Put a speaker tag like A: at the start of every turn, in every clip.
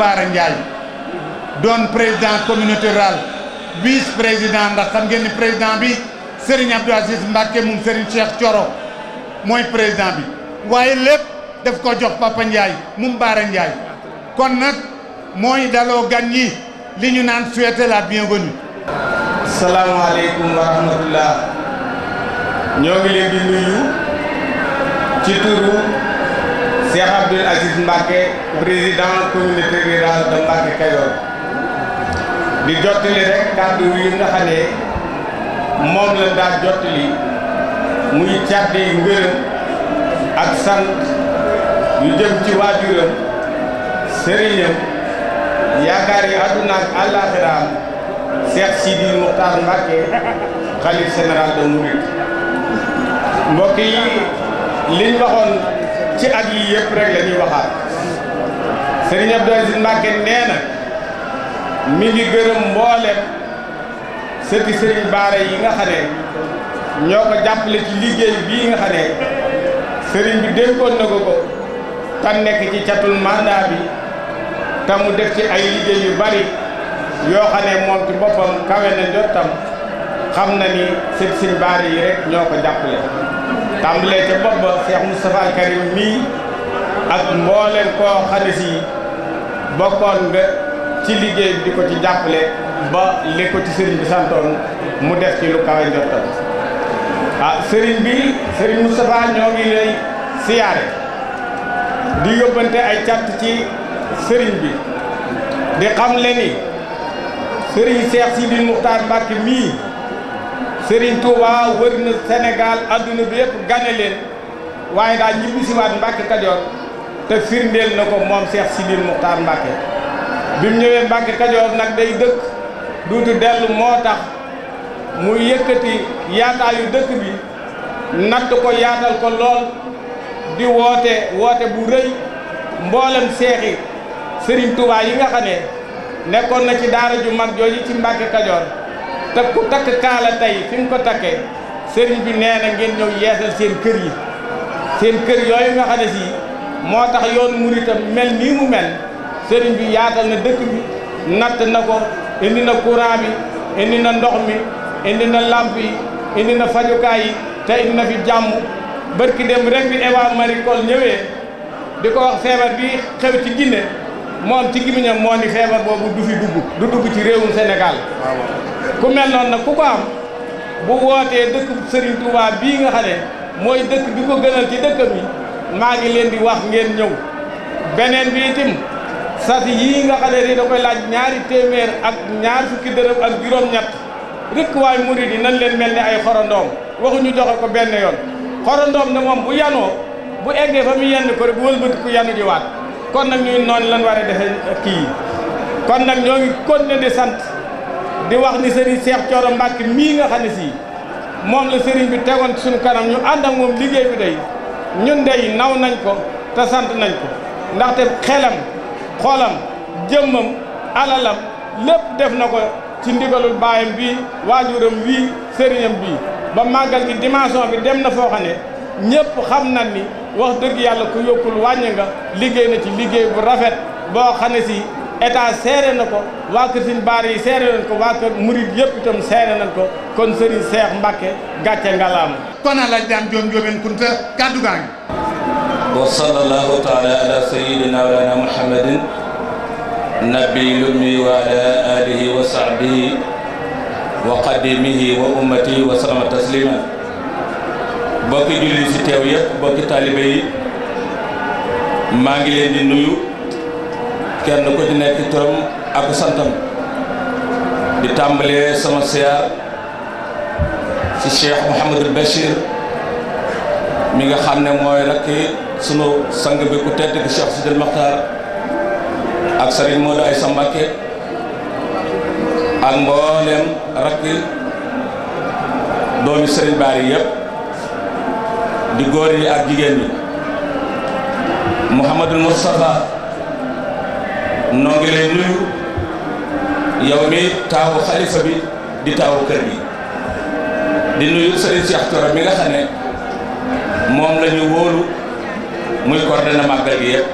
A: Baara Ndiaye doon président communauté rurale vice président ndax xam ngeen ni président bi Serigne Abdou Aziz Mbacke moom Serigne Cheikh Thioro mooy président bi waaye lépp def ko jox Papa Ndiaye moom Baara Ndiaye kon nag mooy daloo gan ñi li ñu naan souhaiter la bienvenue.
B: salaamaaleykum wa rahmatullah ñoo ngi leen di nuyu ci turu. Cheikh Abdoul Aziz Mbacké président communauté rurale de Mbacké Kayor di jottali rek kàddu yi nga xam moom la daa jottali muy càdde ngërëm ak sant yu jëm ci waajuram sëriñam yaakaar yi àdduna ak àllaaxiraam Cheikh Sidi Mokhtar Mbacké xalif général de Mouride mbokk yi liñ waxoon ci at yi yëpp rek la ñuy waxaat Serigne Abdou Aziz Mbacké nee na mi ngi gërëm mboolem sëti Serigne Bara yi nga xam ñoo ko jàppale ci liggéey bii nga xam ne Serigne bi dénkoon na ko ko tan nekk ci catul mandat bi tamu def ci ay liggéey yu bari yoo xam ne moom ci boppam kawe na jottam xam na ni sëti Serigne Bara yi rek ñoo ko jàpple tàmbalee ca bopp ba Cheikh Moustapha Karim mii ak mbooleen koo xam ne si bokkoon nga ci liggéey di ko ci jàppale ba li ko ci sëriñ bi mu def ci lu kawe njottam ah sëriñ bi sëriñ Moustapha ñoo ngi lay siyaare di yóbbante ay cant ci sëriñ bi di xam le ni sëriñ Cheikh Sidi Moukhtar Mbacke mii Serigne Touba wër na Sénégal adduna bi yëpp gane leen waaye daal ñibbi siwaat Mbacke Kajoor te firndeel na ko moom Cheikh Sidil Moukhtar Mbacke bi mu ñëwee Mbacke Kajoor nag day dëkk duutu dellu moo tax mu yëkkati yaataayu dëkk bi natt ko yaatal ko lool di woote woote bu rëy mboolem seexi Serigne Touba yi nga xam nekkoon na ci daara ju mag jooju ci Mbacke Kajoor te ku takk kaala tey fi nga ko takkee sëriñ bi nee na ngeen ñëw yeesal seen kër yi seen kër yooyu nga xam ne si moo tax yoon murit a mel nii mu mel sëriñ bi yaatal na dëkk bi natt na ko indi na courant bi indi na ndox mi indi na lamp yi indi na fajukaay yi te indi na fi jàmm barki rek bi Eva Marie Coll ñëwee di ko wax feebar bi xew ci Guinée moom ci gimiñam moo ni feebar boobu du fi dugg du dugg ci réewum senegal ku mel noonu nag ku ko am bu wootee dëkk Serigne Touba bii nga xam mooy dëkk bi ko gënal ci dëkkam mi maa ngi leen di wax ngeen ñëw beneen bi itam sas yii nga xam ne di koy laaj ñaari téeméer ak ñaar fukki dërëm ak juróom-ñett rëkk waay murid yi nan leen mel ni ay xorandoom waxuñu joxe ko benn yoon xorandoom na moom bu yanoo bu eggee fa mu yenn ko rek bu wëlbatiku yanu di waat kon nag ñun noonu lan war a defe kii kon nag ñoo ngi continuer di sant di wax ni Serigne Cheikh Thioro Mbacke mii nga xam ne sii moom la Serigne bi tegoon ci suñu ñu ànd ak moom liggéey bi day ñun dey naw nañ ko te sant nañ ko ndaxte xelam xolam jëmmam alalam lépp def na ko ci ndigalul baayam bii waajuram wii sëriñam bi ba màggal gi dimension bi dem na foo xam ne ñëpp xam na ni wax dëgg yàlla ku yokkul wàññi nga liggéey na ci liggéey bu rafet boo xam ne si état seere na ko waa kër Sëñ Baar yi seere nañ ko waa kër murid yëpp seere nañ ko kon Serigne Cheikh Mbacke gàcce ngalaam kon alaaj daam joom joomeen kunta kàddu gaa ngi
C: wa sallallahu taala ala sayyidina walana muhammadin nabi lummi wa ala alihi wa sahbihi wa qadimihi wa ummati wa salama taslima bokki julli si teew yëpp bokki taalibe yi maa ngi leen di nuyu kenn ku ci nekk turam ak santam di tàmbalee sama siyaar ci Cheikh Mouhamadul Bachir mi nga xam ne mooy rakki sunu sang bi ku tedd ki Cheikh Sidil Maxtaar ak Serigne Modou Aïssa Mbacké ak mboolem rakki doomi Serigne Bari yëpp di góor yi ak jigéen ñi Mouhamadul Moustapha noo nuyu yow mi taawu xalifa bi di taawu kër gi di nuyu Serigne Cheikh Thioro mi nga xam ne moom la ñu wóolu muy coordonné màggal gi yëpp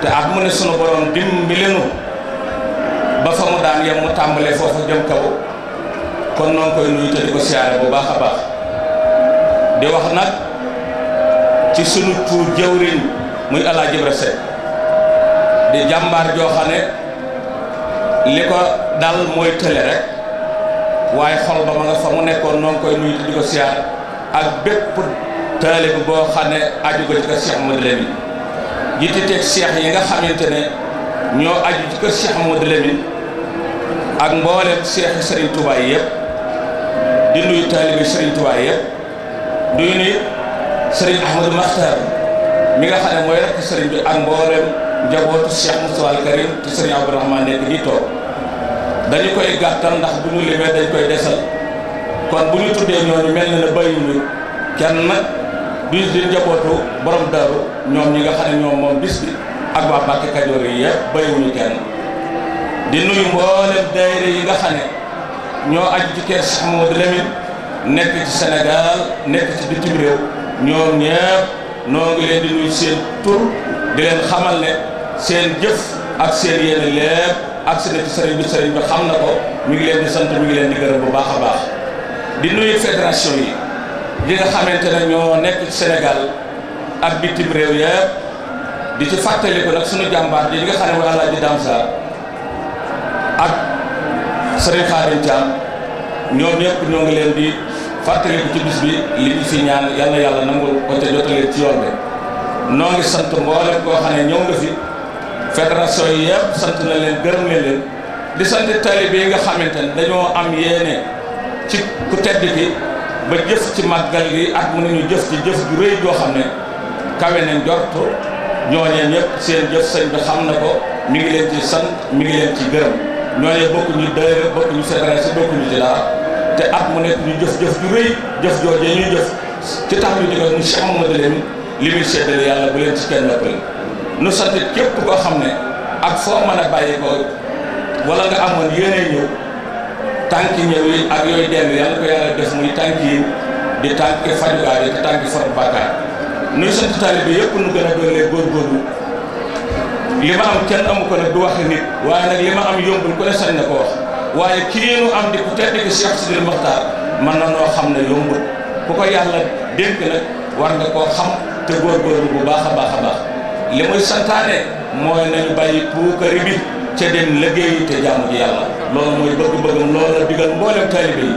C: te ak mu ne sunu borom dimbali nu ba fa mu daan yem mu tàmbalee foofu jëm kaw kon noonu nuyu te di ko siyaare bu baax a baax di wax nag ci sunu tuur jëwriñ muy El Hadj Ibrahima di jàmbaar joo xam ne li ko dal mooy tële rek waaye xol ba ma nga fa mu nekkoon noo ngi koy nuyu di ko siyaar ak bépp taalib boo xam ne aju ko ci kër Cheikh Modou Lamine yitte teg cheikh yi nga xamante ne ñoo aju ci kër Cheikh Modou Lamine ak mboolem cheikh Serigne Touba yi di nuyu taalibi Serigne Touba yi yëpp di nuyu Serigne Ahmadou Makhtar mi nga xam ne mooy rek Serigne bi ak mboolem. njabootu Cheikh Moustapha Al Karim te Serigne Abdourahmane nekk di toog dañu koy gàttal ndax bu ñu limee dañ koy desal kon bu ñu tuddee ñooñu mel na ne bàyyiwuñu kenn du di njabootu borom daru ñoom ñi nga xam ne ñoom moom bis bi ak waa Mbàkke Kajoor yi kenn di nuyu mboolem daayira yi nga xam ñoo aju ci kër Cheikh Mamadou nekk ci Sénégal nekk ci bitim réew ñoom ñëpp. noo ngi leen di nuyu seen tur di leen xamal ne seen jëf ak seen yéene lépp ak si na ci sëriñ bi sëriñ bi xam na ko ñu ngi leen di sant ñu ngi leen di gërëm bu baax a baax di nuyu fédération yi di nga xamante ne ñoo nekk ci Sénégal ak bitim réew yëpp di ci fàttaliku nag suñu jàmbaar ji di nga xam ne mooy Alaaji Dam Sarr ak sëriñ Xaadim Thiam ñoom ñëpp ñoo ngi leen di fàttaliku ci bis bi li ñu fi ñaan yàlla yàlla nangul ko ca jotalee ci yoon bi noo ngi sant mboolem koo xam ne ñëw nga fi fédération yi yëpp na leen gërëm na leen di sant taalibe yi nga xamante ne dañoo am yéene ci ku tedd ki ba jëf ci màggal gi ak mu nañu jëf ci jëf ju rëy joo xam ne kawe nañ jortu ñooñee ñëpp seen jëf sëñ bi xam na ko mi ngi leen ci sant mi ci gërëm ñooñee bokkuñu daayira bokkuñu fédération bokkuñu ci dara te ak mu nekk ñu jëf-jëf joojee ñuy jëf ci tax ñu di ko ñu Cheikh Mamadou leen li muy seddale yàlla bu leen ci kenn noppale nu sant képp koo xam ne ak foo mën a bàyyi ko wala nga amoon yéenee ñëw tànki ñëw yi ak yooyu dellu yàlla ko yàlla def muy tànk yi di tànki fajuwaay yi di tànki far bàkkaar nuy sant taalibe yëpp nu gën a doole góorgóorlu li ma am kenn amu ko nag du waxe nit waaye nag li ma am yombul ku ne sañ na ko wax waaye kii nu am di ku tedd ki Cheikh Sidil Mokhtar mën na noo xam ne yombul ku ko yàlla dénk nag war nga koo xam te góorgóorlu bu baax a baax a baax li muy santaane mooy nañu bàyyi puukari bi ca dem liggéeyi te jaamu ji yàlla loolu mooy bëgg-bëggam loolu la digal mboolem taalibe yi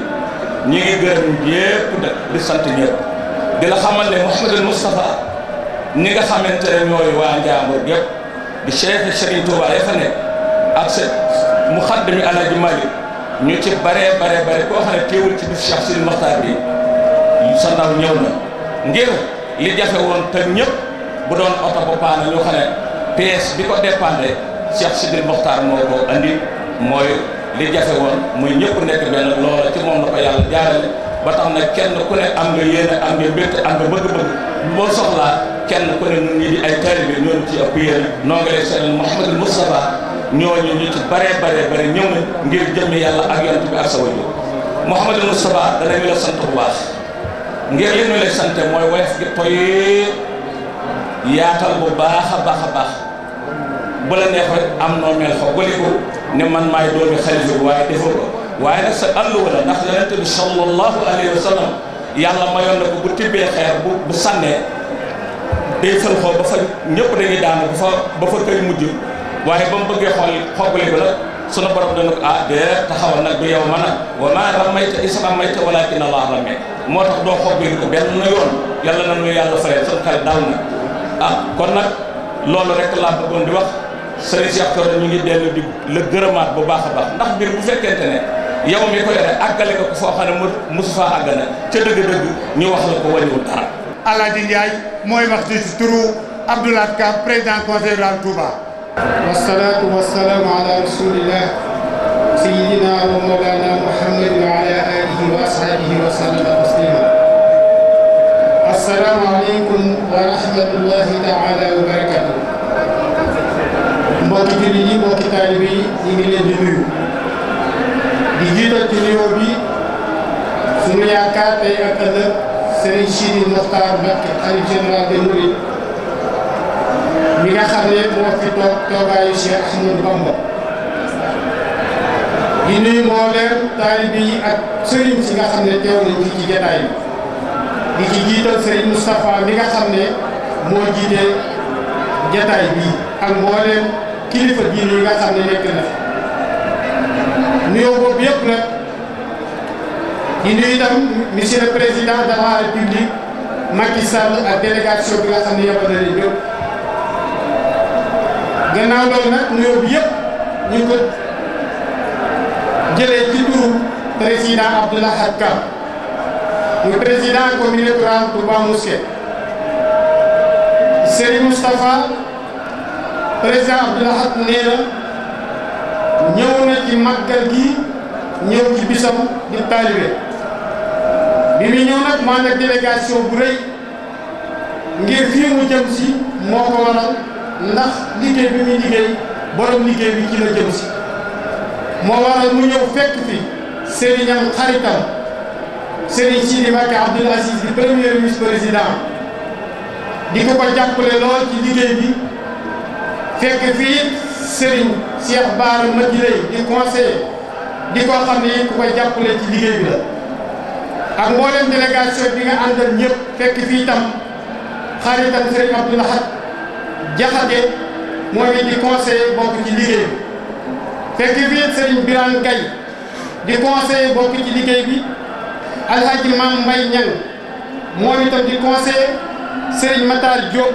C: ñi ngi gërëm ñépp nag di sant ñépp di la xamal ne Mouhamadul Moustapha ñi nga xamante ne ñooy waa Njambur gépp di Cheikh Serigne Touba fa nekk ak sa mu xaddami Alaaji Malick ñu ci bare bare bare koo xam ne teewul ci bis Cheikh Sidi Mokhtar bi sa ndaw ñëw na ngir li jafe woon te ñëpp bu doon oto bu paana ñu xam ne bi ko dépendé Cheikh Sidi Mokhtar moo ko andi mooy li jafe woon muy ñëpp nekk benn loola ci moom la ko yàlla jaarale ba tax na kenn ku ne am na yéene am nga mbégte am na bëgg-bëgg boo soxlaa kenn ku ne ñun ñi di ay taalibe ñoo ci ëpp yéene noo ngi lay seetal Mouhamadou Moustapha ñooñu ñu ci bare bare bare ñëw na ngir jëmmi yàlla ak yonent bi ak sa wajur Mouhamadou Moustapha danañu la sant bu baax ngir li ñu lay sant mooy woyof gi toy yaatal bu baax a baax a baax bu la neex rek am noo mel fa goliku ne man maay doomi xalifa bi waaye defoo ko waaye nag sa alluwa la ndax yonent bi sallallahu alayhi wa sallam yàlla mayoon na ko bu tibbee xeer bu sànnee day fël xoo ba fa ñëpp dañuy daanu ba fa ba fa koy mujj waaye ba mu bëggee xool xoogale ko nag sunu borom dana ko ah déet taxawal nag du yow ma nag wa maa ramayta is ramayta walaakinna Allaah ramee moo tax doo xoogale ko benn yoon yàlla na nu yàlla faree sunu xel dal na ah kon nag loolu rek laa bëggoon di wax sëriñ Cheikh ñu ngi dellu gërëmaat bu baax a baax ndax mbir bu fekkente ne yow mi ko yore àggale ko foo xam ne mosu faa àgg ca dëgg-dëgg ñu wax la ko wariwul dara.
D: Alaaji Ndiaye mooy wax ci turu Abdoulaye Ka président conseil rural والصلاة والسلام على رسول الله سيدنا ومولانا محمد وعلى آله وأصحابه وسلم تسليما السلام عليكم ورحمة الله تعالى وبركاته mbokki jullit yi mbokki taalibe yi ñu ngi leen di nuyu di jiital ci nuyoo bi suñu yaakaar tey ak ëllëg Serigne Sidi Mokhtar Mbacké xalifa général des Mourides mi nga xam ne moo fi toog toogaayu Cheikh Ahmadou Bamba di nuyu mbooleem taalibe yi ak sëriñ si nga xam ne teew nañ ci jotaay bi di ci jiital sëriñ Moustapha mi nga xam ne moo jiite jotaay bi ak mbooleem kilifa diine yi nga xam ne nekk na fi boobu yëpp nag di nuyu itam monsieur le président de la république Macky Sall ak délégation bi nga ne yebal na leen gannaaw loolu nag nuyoo bi yëpp ñu ngi ko jëlee ci turu président Abdou Lahad Ka muy président communauté rurale Touba Mosquée Serigne Moustapha président Abdou Lahad nee na ñëw na ci gi ñëw ci bisam di taalibe bi mu ñëw nag mu ànd ak bu rëy ngir fii mu jëm si moo ko waral ndax liggéey bi muy liggéey borom liggéey bi ci la jëm si moo waral mu ñëw fekk fi sëriñam xaritam sëriñ Sidi Mbacké Abdoul Aziz di premier ministre président di ko ko jàppale lool ci liggéey bi fekk fii sëriñ Cheikh Bara Madilay di conseiller di ko xam ne yéen ko jàppale ci liggéey bi la ak mboolem délégation bi nga àndal ñëpp fekk fii tam xaritam sëriñ Abdoul jaxate moom it di conseiller bokk ci liggéey bi fekk fii Serigne Birane di conseiller bokk ci liggéey bi Alhaji Mam Mbay Ñang moom itam di conseiller Serigne Matar Diop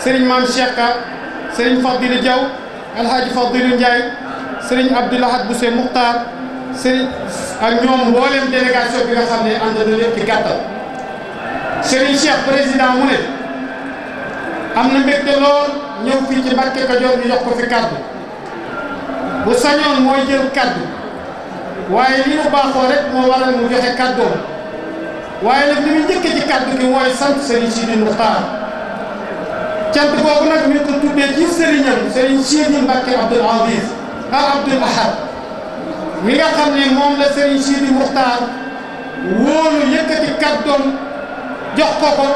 D: Serigne Mam Cheikh Ka Serigne Fadilou Diaw Alhaji Fadilou Ndiaye Serigne Abdoulahad Bousse Moukhtar Serigne ak ñoom mboolem délégation bi nga xam ne ànd na lépp ci gàttal Serigne Cheikh président ne am na mbégte lool ñëw fii ci Mbàkke Kajoor ñu jox ko fi kàddu bu sañoon mooy jël kàddu waaye li mu baaxoo rek moo waral mu joxe kàddoom waaye nag li muy njëkk ci kàddu gi sant Serigne Sidi Muxtaar cant boobu nag ñu ko tuddee ci sëriñam Serigne Sidi Mbàkke Abdoul Aziz ak mi nga xam moom la Serigne Sidi Muxtaar wóolu yëkkati kàddoom jox ko ko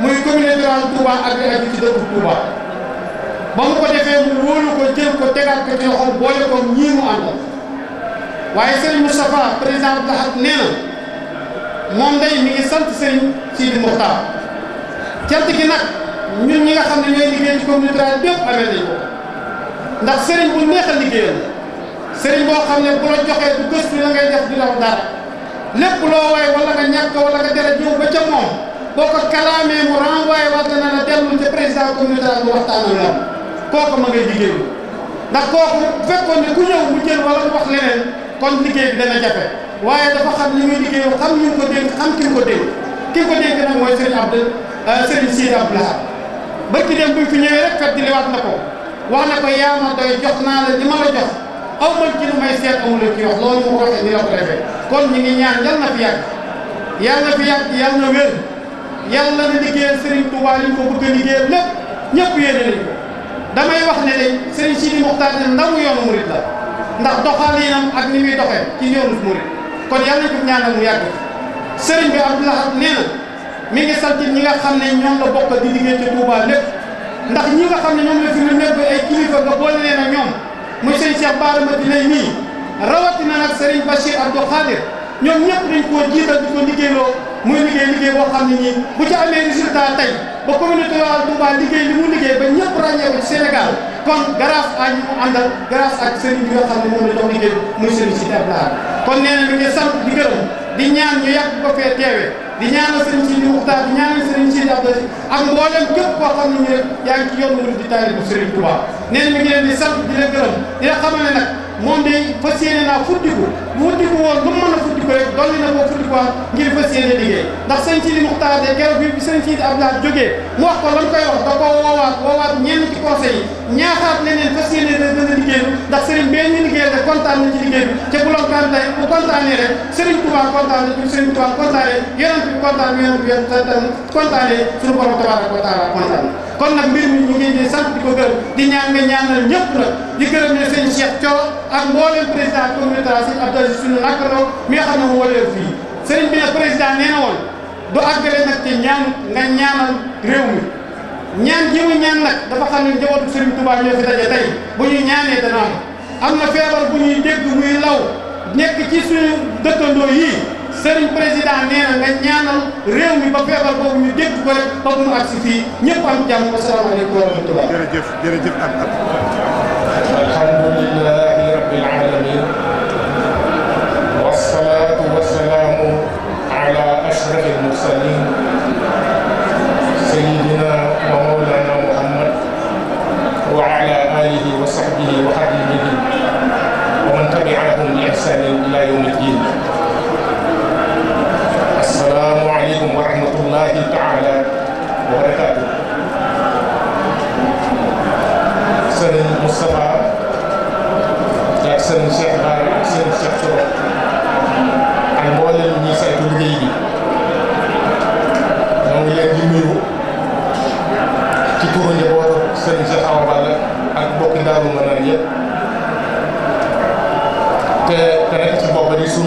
D: muy commune rurale Touba ak li aju ci dëkku Touba ba mu ko defee mu wóolu ko jël ko tegaat ko ci loxo boole ko ñii mu àndal waaye Serigne Moustapha président Abdou Lahad nee na moom day mi ngi sant Serigne Sidi Mokhtar cant gi nag ñun ñi nga xam ne ñooy liggéey ci commune rurale bépp amee nañ ko ndax Serigne bu neex a liggéeyal Serigne boo xam ne bu la joxee du gëstu la ngay def di law dara lépp loo waay wala nga ñàkk wala nga dara ñëw ca moom. boo ko kalaamee mu renvoyé waat na la dellu ci président communautaire bu waxtaanal la kooku ma ngay liggéey ndax kooku fekkoon ne ku ñëw mu jël wala mu wax leneen kon liggéey bi dana jafe waaye dafa xam ni muy liggéeyoo xam ñu ko dénk xam ki ko dénk ki ko dénk nag mooy Serigne Abdou euh, Serigne Sidi Abdou Lahad barki dem buñ fi ñëwee rek fekk diliwaat na ko wax na ko yaa ma doy jox naa la li ma la jox aw ma ci lu may seet amul ki wax loolu mu ko waxee ñu ngi yàlla na liggéeyal Serigne Touba li ñu ko bëgg a liggéeyal lépp ñëpp yéene nañ ko damay wax ne day Serigne Sidi Mokhtar ne ndamu yoonu murit la ndax doxalinam ak ni muy doxee ci yoonu murit kon yàlla nañ ko ñaanal mu yàgg Serigne bi Abdoulaye nee na mi ngi sant ñi nga xam ne ñoom la bokk di liggéey ci Touba ndax ñi nga xam ne ñoom la fi lu nekk ay kilifa nga boole leen ak ñoom muy Serigne Cheikh Bara Madina nii rawatina nag Serigne Bachir Abdou ñoom ñëpp dañ koo jiital di ko liggéeyloo muy liggéey liggéey boo xam ne bu ci amee résultat tey ba communauté rurale Touba liggéey li mu liggéey ba ñëpp ràññee ko ci Sénégal kon grâce à ñu mu àndal grâce ak sëriñ bi nga xam ne moom la dox liggéey muy sëriñ si Dablaar kon nee na mi ngi di gërëm di ñaan ñu yàgg ko fee teewee di ñaanal sëriñ si di muxtaar di ñaanal sëriñ si di abdasi ak mboolem képp koo xam ne ñu rek yaa ngi ci yoon mu di taalibu sëriñ Touba nee na mi ngi leen di moom de fas yéene naa fuddiku mu fuddiku woon lu mu mën a fuddiku rek dolli na koo fuddikuwaat ngir fas yéene liggéey ndax sëñ Sidi Muxtaar de keroog bi sëñ Sidi Abdoulaye jógee mu wax ko lan koy wax da koo woowaat woowaat ñenn ci conseil yi ñaaxaat leneen fas yéene da dana liggéey bi ndax sëriñ benn liggéey de kontaan na ci liggéey bi te bu loon kontaan bu kontaanee rek sëriñ Tuubaa kontaan na sëriñ bi kontaan yonent bi kontaanee suñu borom tabaaraka wa taala kontaan kon nag mbir mi ñu ngi di sant di ko gërëm di ñaan nga ñaanal ñëpp nag di gërëm ne sëñ Cheikh Thioro ak mboolem président communautaire sëñ Abdou Aziz suñu nakaroo mi nga xam ne moo leen fii sëriñ bi ne président nee na woon du àggale nag ci ñaan nga ñaanal réew mi ñaan ji mu ñaan nag dafa xam ne njabootu Serigne Touba ñoo fi daje tey bu ñuy ñaanee dana am na feebar bu ñuy dégg muy law nekk ci suñu dëkkandoo yii sëriñ président nee na nga ñaanal réew mi ba feebar boobu ñu dégg ko rek
E: ba mu agsi fii ñëpp am jàmm asalaamaaleykum wa rahmatulah. jërëjëf jërëjëf ak ak. alhamdulilah.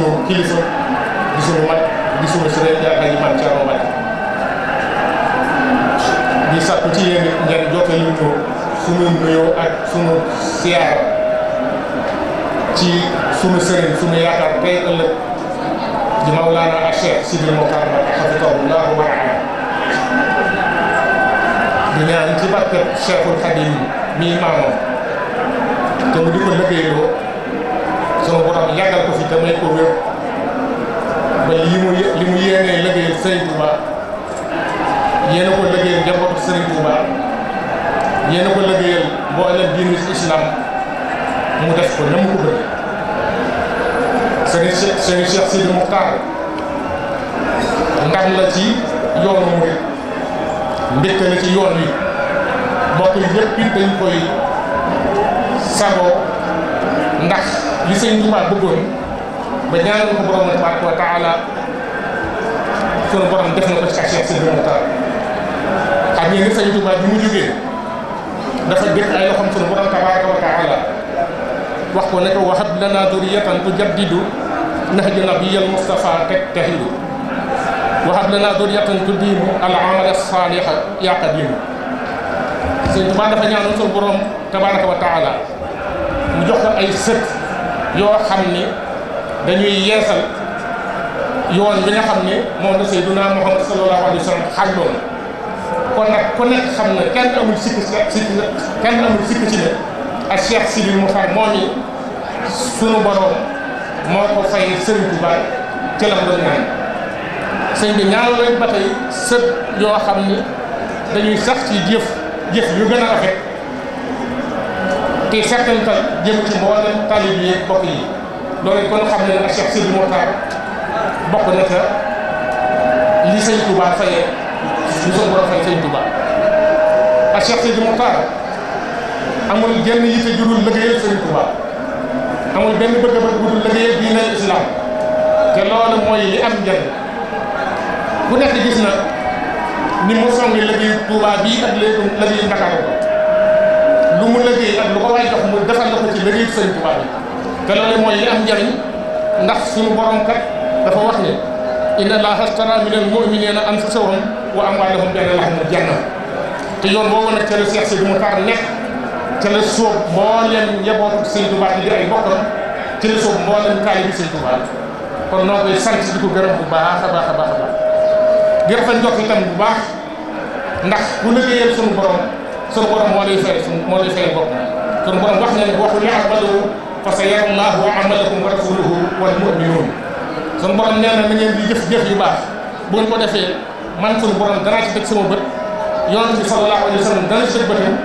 E: sunu kilifa di sunu mag di sunu sëriñ yaakaar yi man Thierno Mbacke di sàkku ci yéen ngeen jottali ñu sunu nuyoo ak sunu siyaar ci sunu sëriñ sunu yaakaar tey ëllëg di Mawlana ak Cheikh Sidi Mokhtar Mbacke hafidahullahu wa ta'ala di ñaan ci barke Cheikhul Khadim mi maamam te mu di ko liggéeyloo sunu borom te may ko li mu li mu ko liggéeyal njabootu ko liggéeyal mboolem diinu islam mu def ko na mu ko bëgg sëriñ Cheikh sëriñ Cheikh Sidi la ci yoonu murid mbégte la ci yoon wi mbokk yëpp it dañ koy sagoo ndax li sëñ Tuubaa bëggoon ba ñaanal ko borom tabaaraka wa taala sunu borom def na ko ci ak Cheikh Sidi Moukhtar xam ngeen ni sëñ bi mu jógee dafa def ay loxoom sunu borom tabaaraka wa taala wax ko ne ko wahab lanaa durriyatan tujaddidu nahju nabiyyil Mustafa tajtahidu wahab lanaa durriyatan tudiimu al amala saaliha yaa qadiimu sëñ Tuubaa dafa ñaanal sunu borom tabaaraka wa taala mu jox ko ay sët. yoo xam ni dañuy yeesal yoon bi nga xam ne moom la Seydunaa Muhammad sallallahu alayhi wa sallam xam ne kenn amul sikk si kenn amul sikk ci ne ak Cheikh Sidi Moukhtar moom yi sunu boroom moo ko fay Sëriñ Tuuba ci la doon naan sëñ bi ñaanal rek ba yoo xam ne dañuy sax ci jëf jëf yu gën ki settantal jëm ci mboolem taalib yi bokk yi loolu kon xam ne ne Cheikh Sidi Mokhtar bokk na ca li sëñ Touba fayee li sëñ borom fay sëñ Touba ak Cheikh Sidi Mokhtar amul genn yitte ju dul liggéeyal sëñ Touba amul benn bëgg-bëgg bu dul liggéeyal diine islam te loolu mooy li am njëriñ ku nekk gis na ni mu songi liggéeyu Touba bii ak léegi liggéeyu Ndakaaru lu mu liggéey ak lu ko waay jox mu defal la ko ci liggéey sëñ Tuubaa bi mooy li am njariñ ndax suñu borom kat dafa wax ne inna Allaha ashtara mina al-mu'minina anfusahum wa amwalahum bi anna te yoon boobu nag ca la Seex Sidi Muxtaar nekk ca la sóob mbooleem njabootu sëñ Tuubaa di ay bokkam ca la sóob mbooleem taalibi sëñ Tuubaa kon noo koy sant di ko gërëm bu baax a baax a baax a baax gërëm fa njot itam bu baax ndax bu liggéeyal suñu borom sunu borom moo lay fay moo lay fay bopp sunu borom wax na ne waxul ya'malu fa sayarallahu amalakum wa rasuluhu wal mu'minun sunu borom nee na na ngeen di jëf jëf yu baax bu ngeen ko defee man sunu borom danaa ci teg sama bët yoon bi sallallahu alayhi wa sallam dana ci teg bëtam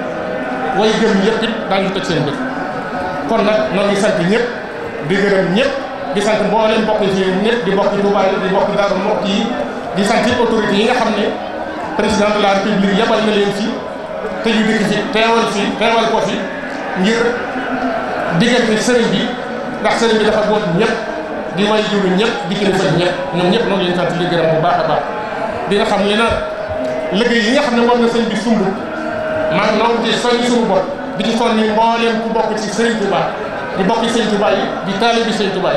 E: way gëm yëpp it daañu teg seen bët kon nag ñoo ngi sant ñëpp di gërëm ñëpp di sant mboolem mbokk yi ñëpp di bokk Touba di bokk Darou di sant autorités yi nga xam ne président la te ñu dikk ci teewal fi teewal ko fi ngir diggante sëriñ bi ndax sëriñ bi dafa boot ñëpp di may juru ñëpp di kilifa ñëpp ñoom ñëpp noonu leen sant di gërëm bu baax a baax dina xam ne na liggéey yi xam ne moom la sëñ bi sumb man noonu ci soññ suñu bopp di ci soññ mbooleem ku bokk ci sëriñ Tuubaa di bokk ci sëriñ Tuubaa yi di taalibi sëriñ Tuubaa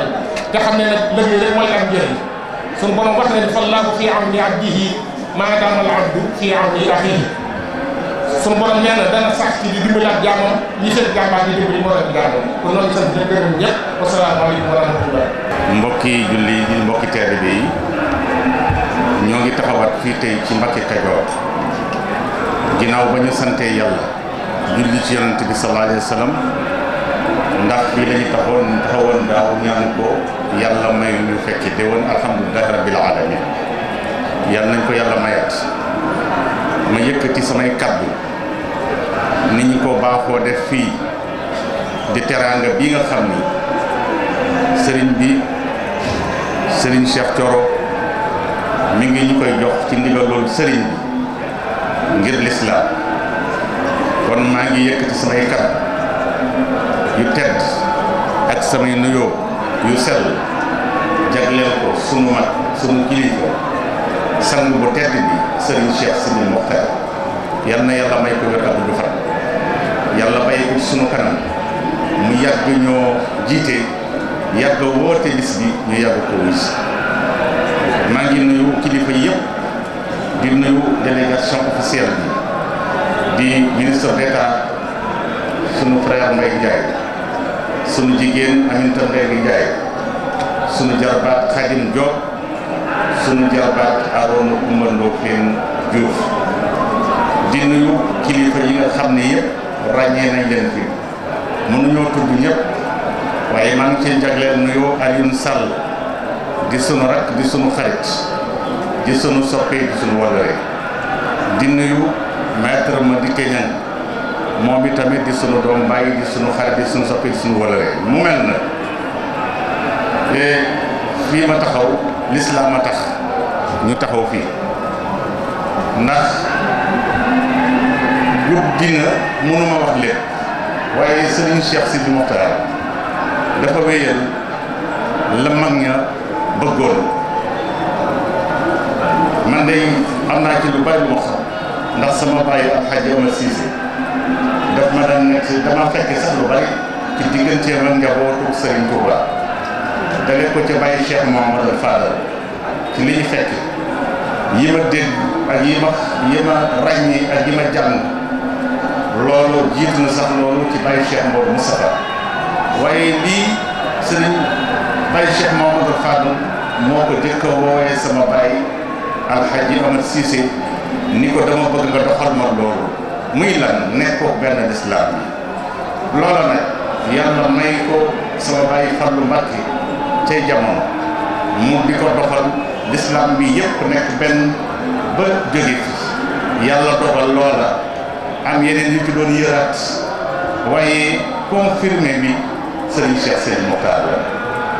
E: te xam ne nag liggéey rek mooy am njëriñ suñu borom wax na ne fallaahu fi amni abdihi maa daama al abdu fi amni axiihi suñu borom nee na dana sax ci di dimbalaat jaamam ñi seen jàmbaar di dimbali moo leen jàmm kon noonu sant di gërëm ñëpp wasalaamaaleykum wa
A: mbokki julli yi mbokki teere bi yi ñoo ngi taxawaat fii tey ci Mbàkke Kajoor ginnaaw ba ñu santee yàlla julli ci yonent bi sallallahu alayhi ndax fii lañu taxoon taxawoon daaw ñaan ko yàlla may ñu fekki te woon alhamdulilahi rabbil alamin yàlla nañ ko yàlla mayaat ma ci samay kaddu ni ñu ko baaxoo def fii di teraanga bi nga xam ni sëriñ bi sëriñ Cheikh Thioro mu ngi ñu koy jox ci ndigalul sëriñ bi ngir lislaam kon maa ngi yëkkati samay kaddu yu tedd ak samay nuyoo yu sell jagleel ko sunu mag sunu kilifa sang bu tedd bi sëriñ Cheikh Sidil Mokhtar yal na yàlla may ko wér ak du fat yàlla bàyyi ko sunu kanam mu yàgg ñoo jiite yàgg woote bis bi ñu yàgg ko wuy si maa ngi nuyu kilifa yëpp di nuyu délégation officielle bi di ministre d'état sunu frère Mbaye Ndiaye sunu jigéen Aminata Mbengue Ndiaye sunu jarbaat Khadim Diop sunu jarbaat Arona Coumba Ndoffène Diouf di nuyu kilifa yi nga xam ne yëpp ràññee nañ leen fi mënuñoo tudd ñëpp waaye maa ngi cee jagleel nuyoo Alioune Sall di sunu rakk di sunu xarit di sunu soppe di sunu wallare di nuyu maître Madické Niang moom bi tamit di sunu doom bàyyi di sunu xarit di sunu soppe di sunu wallare mu mel na eh, fii ma taxaw lislaam a tax ñu taxaw fii ndax guddi na mënuma wax lépp waaye sëriñ Cheikh Sidi Mokhtar dafa wéyal la mag ña bëggoon man day am naa ci lu bari lu ndax sama bàyyi Alxaaji Amar Siise daf ma daan nekk dama fekke sax lu bari ci digganteem ak njabootu Sëriñ Tuuba dale ko ca bàyyi Cheikh Mouhamadou Fadal ci li ñu fekk yi ma dégg ak yi ma yi ak yi ma jàng loolu jiitu na sax loolu ci Baye Cheikh Mbow Moustapha waaye lii sëriñ Baye Cheikh Mamadou Fadou moo ko jëkk woowee sama baay alxaaji Amad Cissé ni ko dama bëgg nga doxal ma loolu muy lan nekkoo benn lislaam bi loola nag yàlla may ko sama baay Fallou Mbacké cay jamono mu di ko doxal l'islam bi yëpp nekk benn ba jóge fi yàlla dogal loola am yeneen yu ci doon yëraat waaye confirmé bi sëriñ Cheikh Sène Moktar la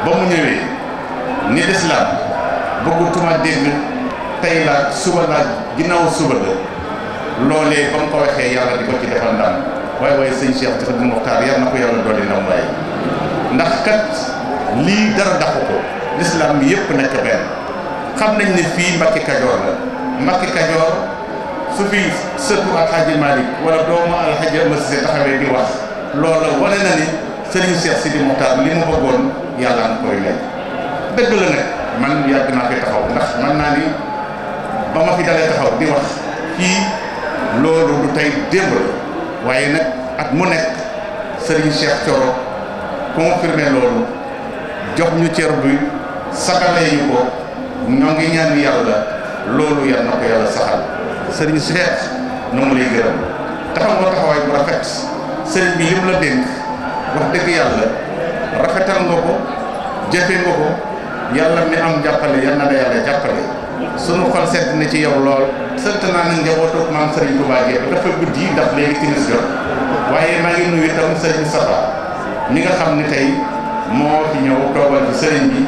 A: ba mu ñëwee ni l'islam bëggatuma dégg tey la suba la ginnaaw suba la loolee ba mu ko waxee yàlla di ko ci defal ndam waaye waaye sëñ Cheikh Sène Moktar yàlla na ko yàlla dolli ndam waaye ndax kat lii dara daxu ko l'islam bi yëpp nekk benn xam nañ ne fii Mbacke Kajoor la Mbacke Kajoor su fi sëtu Alxaaji Malick wala doomu Alxaaji Masise taxawee di wax loola wane na ni Serigne Cheikh Sidi Mokhtar li mu bëggoon yàlla koy lay dëgg la nag man yàgg naa fi taxaw ndax man naa ni ba ma fi dalee taxaw di wax fii loolu du tey démb la waaye nag at mu nekk Serigne Cheikh Thioro confirmé loolu jox ñu cër bi sagalee ñu ko. ñoo ngi ñaan yàlla loolu yàlla na ko yàlla saxal sëriñ Cheikh nu mu lay gërëm taxaw nga taxawaay bu rafet sëriñ bi lim la dénk wax dëgg yàlla rafetal nga ko jëfe nga ko yàlla mi am jàppale yal na la yàlla jàppale sunu xol sedd na ci yow lool sant naa ne njabootu maam sëriñ Touba Gueye dafa guddi ndax léegi timis jot waaye maa ngi nuyu itam sëriñ Safa mi nga xam ne tey moo fi ñëw toogal ci sëriñ bi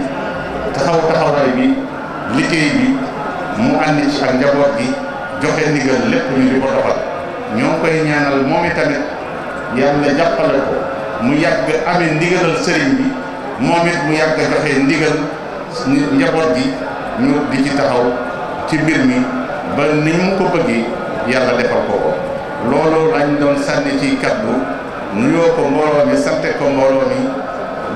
A: taxaw taxawaay bi liggéey bi mu ànd ci ak njaboot gi joxe ndigal lépp ñu di ko doxal ñoo koy ñaanal moom itamit yàlla jàppale ko mu yàgg amee ndigalal sëriñ bi moom it mu yàgg joxe ndigal njaboot gi ñu di ci taxaw ci mbir mi ba ni mu ko bëggee yàlla defal ko ko loolu lañ doon sànni ci kaddu nuyoo ko mbooloo mi sante ko mbooloo mi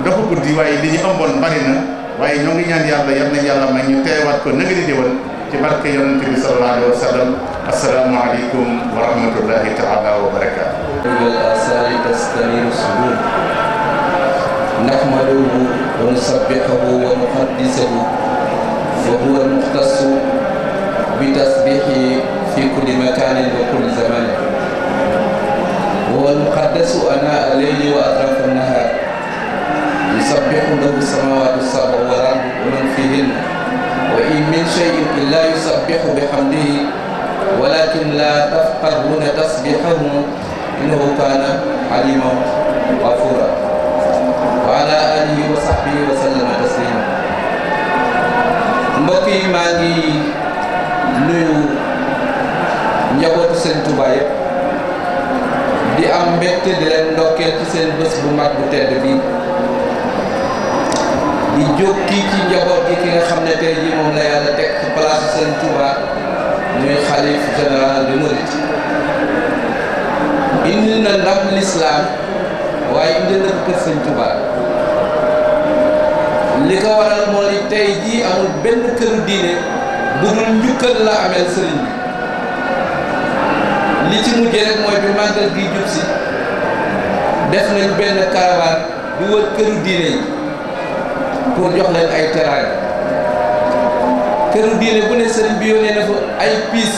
A: dafa guddi waaye li ñu ëmboon bari na waaye ñoo ngi ñaan yàlla yal na yàlla may ñu teewaat ko na nga di déwén ci barke yonente bi sallallahu alayhi wa sallam asalaamaaleykum
F: wa rahmatullahi taala wa barakaatu. asali tastaniru sudur nahmaduhu wa nusabbihuhu wa nuqaddisuhu wa huwa almuxtasu bi tasbihi fi kulli makanin wa kulli zamanin wa huwa almuqaddasu ana alayhi wa atrafa nahar يسبح له السماوات السبع والأرض ومن فيهن وإن من شيء إلا يسبح بحمده ولكن لا تفقهون تسبيحهم إنه كان عليما غفورا وعلى آله وصحبه وسلم تسليما mbokk yi maa ngi nuyu njabootu seen Tuubaa yëpp di am mbégte di leen ndokkeel ci seen bés bu mag bu tedd bi di jóg kii ci njaboot gi ki nga xam ne tey jii moom la yàlla teg ci place Sëriñ Touba muy xalif général de Mouride indi na ndam lislaam waaye indi na kër Sëriñ Touba li ko waral moo di tey jii amul benn këru diine bu dul la amel sëriñ bi li ci mujjee rek mooy bi màggal gi jub def nañ benn caravane di wër këru diine yi pour jox leen ay teraanga këru diine bu ne sëriñ bi yónnee na fa ay piis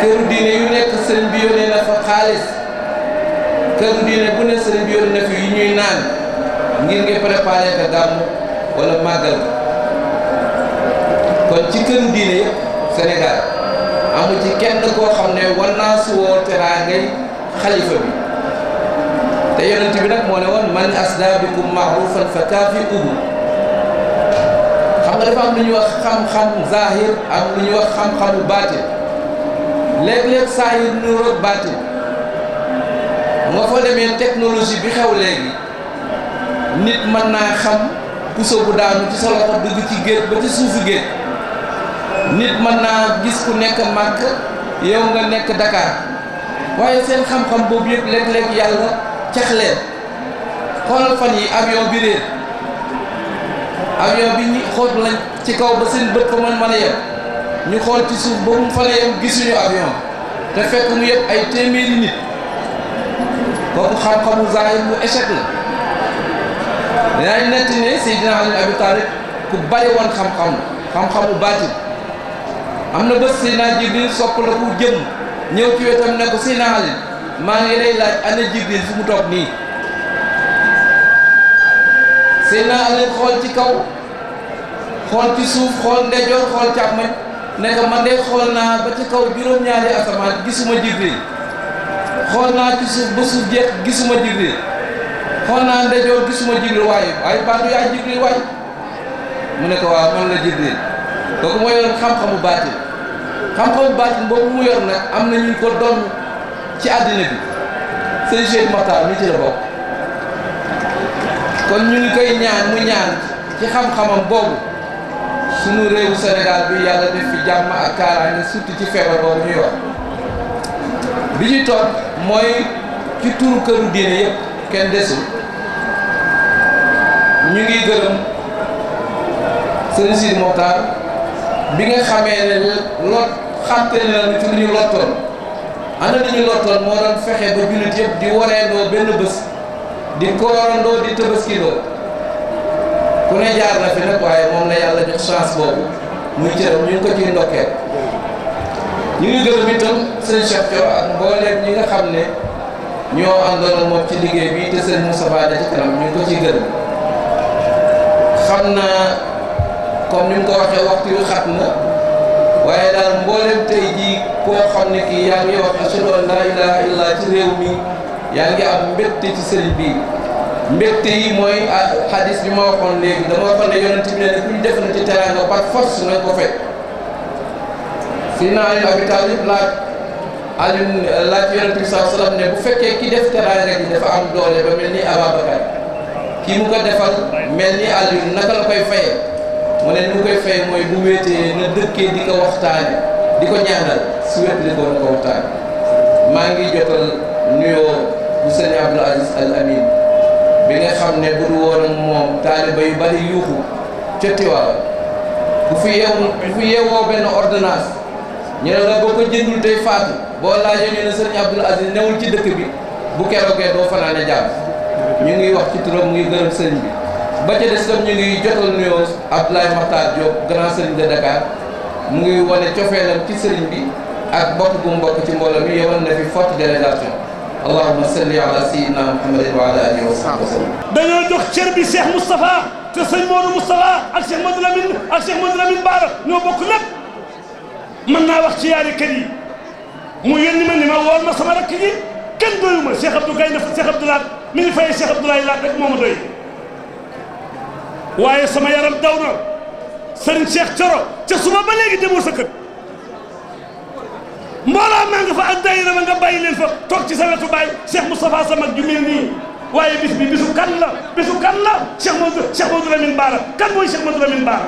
F: këru diine yu nekk sëriñ bi yónnee na fa xaalis këru diine bu ne sëriñ bi yónnee na fa yu ñuy naan ngir nga préparé ka gàmmu wala màggal kon ci kër diine yëpp Sénégal amu ci kenn koo xam ne war naa su woo teraangay xalifa bi te yonent bi nag moo ne woon man asda bikum maarufan fa kaafiuhu xam nga dafa am lu ñuy wax xam-xam zahir am lu ñuy wax xam-xamu baatin léeg-léeg zahir nuroog baatin nga fa demee technologie bi xew léegi nit mën naa xam puso bu daanu ci sa loxo dugg ci géej ba ci suufu géej nit mën naa gis ku nekk màkk yow nga nekk Dakar waaye seen xam-xam boobu yëpp léeg-léeg yàlla caxleen xoolal fan yi avion bi réer avion bi ñu xool ci kaw ba seen ñu xool ci suuf ba mu fan a yem gisuñu avion te fekk mu yëpp ay téeméeri nit kooku xam-xamu zaahir bu échec la dinañ nett ne Seydina Ali Abi Talib ku bari woon xam-xam xam-xamu baatin am na bés Seydina Jibril sopp la ku jëm ñëw ci wetam ne ko Seydina Ali maa ngi lay laaj ana jibril fu mu toog nii naa Ali xool ci kaw xool ci suuf xool ndejoor xool càmmoñ ne ko man de xool naa ba ci kaw juróom-ñaari asamaan gisuma jibril xool naa ci suuf ba suuf jeex gisuma jibril xool naa ndejoor gisuma jibril waaye waaye baatu yaa jibril waay mu ne ko waaw man la jibril kooku moo yor xam-xamu baatin xam-xamu baatin boobu mu yor nag am na ñu ko doon ci àddina bi sëñ Cheikh Makhtar mi ci kon ñu ngi koy ñaan mu ñaan ci xam boobu sunu réewu Sénégal bi yàlla def fi jàmm ak kaaraange surtout ci feebar boobu ñuy bi ñu toog mooy ci turu këru diine yëpp kenn desi ñu ngi gërëm sëñ Cheikh bi nga xamee ne lot xamte ci lu ñu lottoon ana li ñu lottoon moo doon fexe ba jullit yëpp di wareendoo benn bés di koorandoo di tëbëskindoo ku ne jaar na fi nag waaye moom na yàlla jox chance boobu muy cëram ñu ngi ko ciy ndokkeel ñu ngi gërëm itam sëñ Cheikh Thioro ak mbooleem ñi nga xam ne ñoo àndoon ak moom ci liggéey bi te seen Moussa Ba ci kanam ñu ngi ko ciy gërëm xam naa comme ni mu ko waxee waxtu yu xat na waaye daal mbooleem tey jii koo xam ne kii yaa ngi wax ashadu an laa ilaha illa ci réew mi yaa ngi am mbégte ci sëriñ bi mbégte yi mooy hadis bi ma waxoon léegi dama waxoon ne yonent bi ne ne ku ñu def na ci teraanga par force nañ ko fekk Seydina Ali Abi Talib laaj Ali laaj yonent bi saa salaam ne bu fekkee ki def teraanga ji dafa am doole ba mel ni Ababacar kii mu ko defal mel ni Ali naka la koy fayee mu ne ni koy fayee mooy bu wéetee na dëkkee di ko waxtaane di ko ñaanal si wet li doon kontaan maa ngi jotal nuyoo bu sëñ Abdoul Aziz Al Amin bi nga xam ne bu dul woon moom taaliba yu bari yuuxu ca Tiwaawan bu fi yeewu bu fi yeewoo benn ordonnance ñu ne boo ko jëndul tey faatu boo laajee ñu ne sëñ Abdoul Aziz newul ci dëkk bi bu keroogee doo fanaane jàmm ñu ngi wax ci turam mu ngi gërëm sëñ bi ba ca des tam ñu ngi jotal nuyoo Abdoulaye Makhtar Diop grand sëriñ de Dakar. mu ngi wane cofeelam ci sëriñ bi ak bokk bu mu ci mbooloo mi yowoon na fi forte délégation allahuma salli ala sayyidina muhammadin wa ala alihi wa sahbihi wa sallam
G: dañoo jox cër bi Cheikh Moustapha te sëñ Modou Moustapha ak Cheikh Modou Lamine ak Cheikh Modou Lamine Baara ñoo bokk lépp mën naa wax ci yaari kër yi mu yónni ma ni ma wool ma sama rakk ji kenn doyuma Cheikh Abdou Gaye Cheikh Abdou Laat mi ngi fayee Cheikh Laat rek moo doy waaye sama yaram daw na sëriñ Cheikh Coro ca suba ba léegi demoo sa kër mbooloo maa nga fa ak daayira ba nga bàyyi fa toog ci sa wetu bàyyi Cheikh Moustapha sa mag ju mel nii waaye bis bi bisu kan la bisu kan la Cheikh Modou Cheikh Modou Lamine Bara kan mooy Cheikh Modou Lamine Bara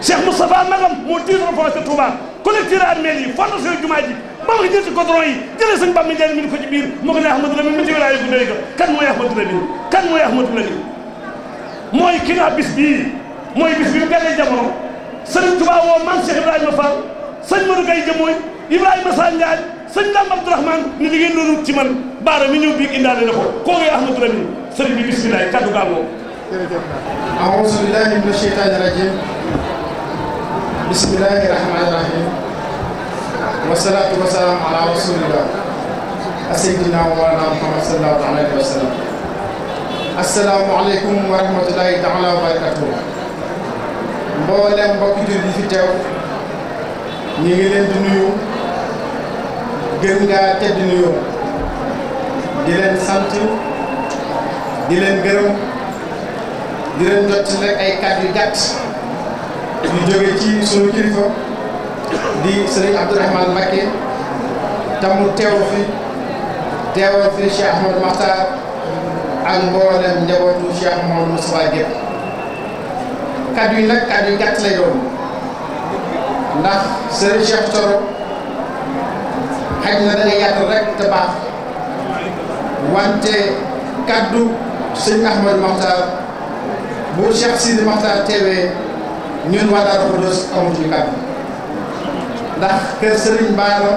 G: Cheikh Moustapha moo tiiroo foofu ca Touba collecteur armeel yi fondation jumaa ji ba nga jël ci goudron yi jëlee sëñ Bamba Ndiaye min ko ci biir moo ko ne Ahmadou Lamine mi ci wilaayu gu doy ga kan mooy Ahmadou Lamine kan mooy Ahmadou Lamine mooy ki nga bis mooy bis bi mu gënee jamono Serigne Touba woo man Cheikh Ibrahima Fall sëñ Modou Gaye Jëmooy Ibrahima Sa Ndiaye ni li ngeen ci man baara mi ñëw biig indaale na ko koo ngay Ahmadou Lamine sëriñ bi bisimilah kaddu gaa moom.
E: jërëjëf
D: aouzu
G: billahi mina sheytaani rajim bismillahi rahmaani rahim
D: wasalaatu wasalaam ala rasulillah aseydina wa mawlana Muhammad sallallahu alayhi wa sallam assalaamu aleykum wa rahmatullahi taala wa barakatuh mboolem mbokki jur yi fi teew ñu ngi leen di nuyu gën ngaa tedd nuyoo di leen sant di leen gërëm di leen jot rek ay kàddu yu gàtt ñu jóge ci sunu kilifa di sëriñ Abdourahmane Mbacké tamu teew fi teewal fi Cheikh Ahmadou Makhtar ak mboolem njabootu Cheikh Mouhamadou Moustapha Guèye kàddu yi nag kàddu yi gàtt lay doon ndax Serigne Cheikh Thioro xaj na da ngay yàgg rek te baax wante kàddu sëñ Ahmad Maxtar bu Cheikh Sidi Maxtar teewee ñun waa Daaru Xudoos amatuñu kàddu ndax kër Serigne Bara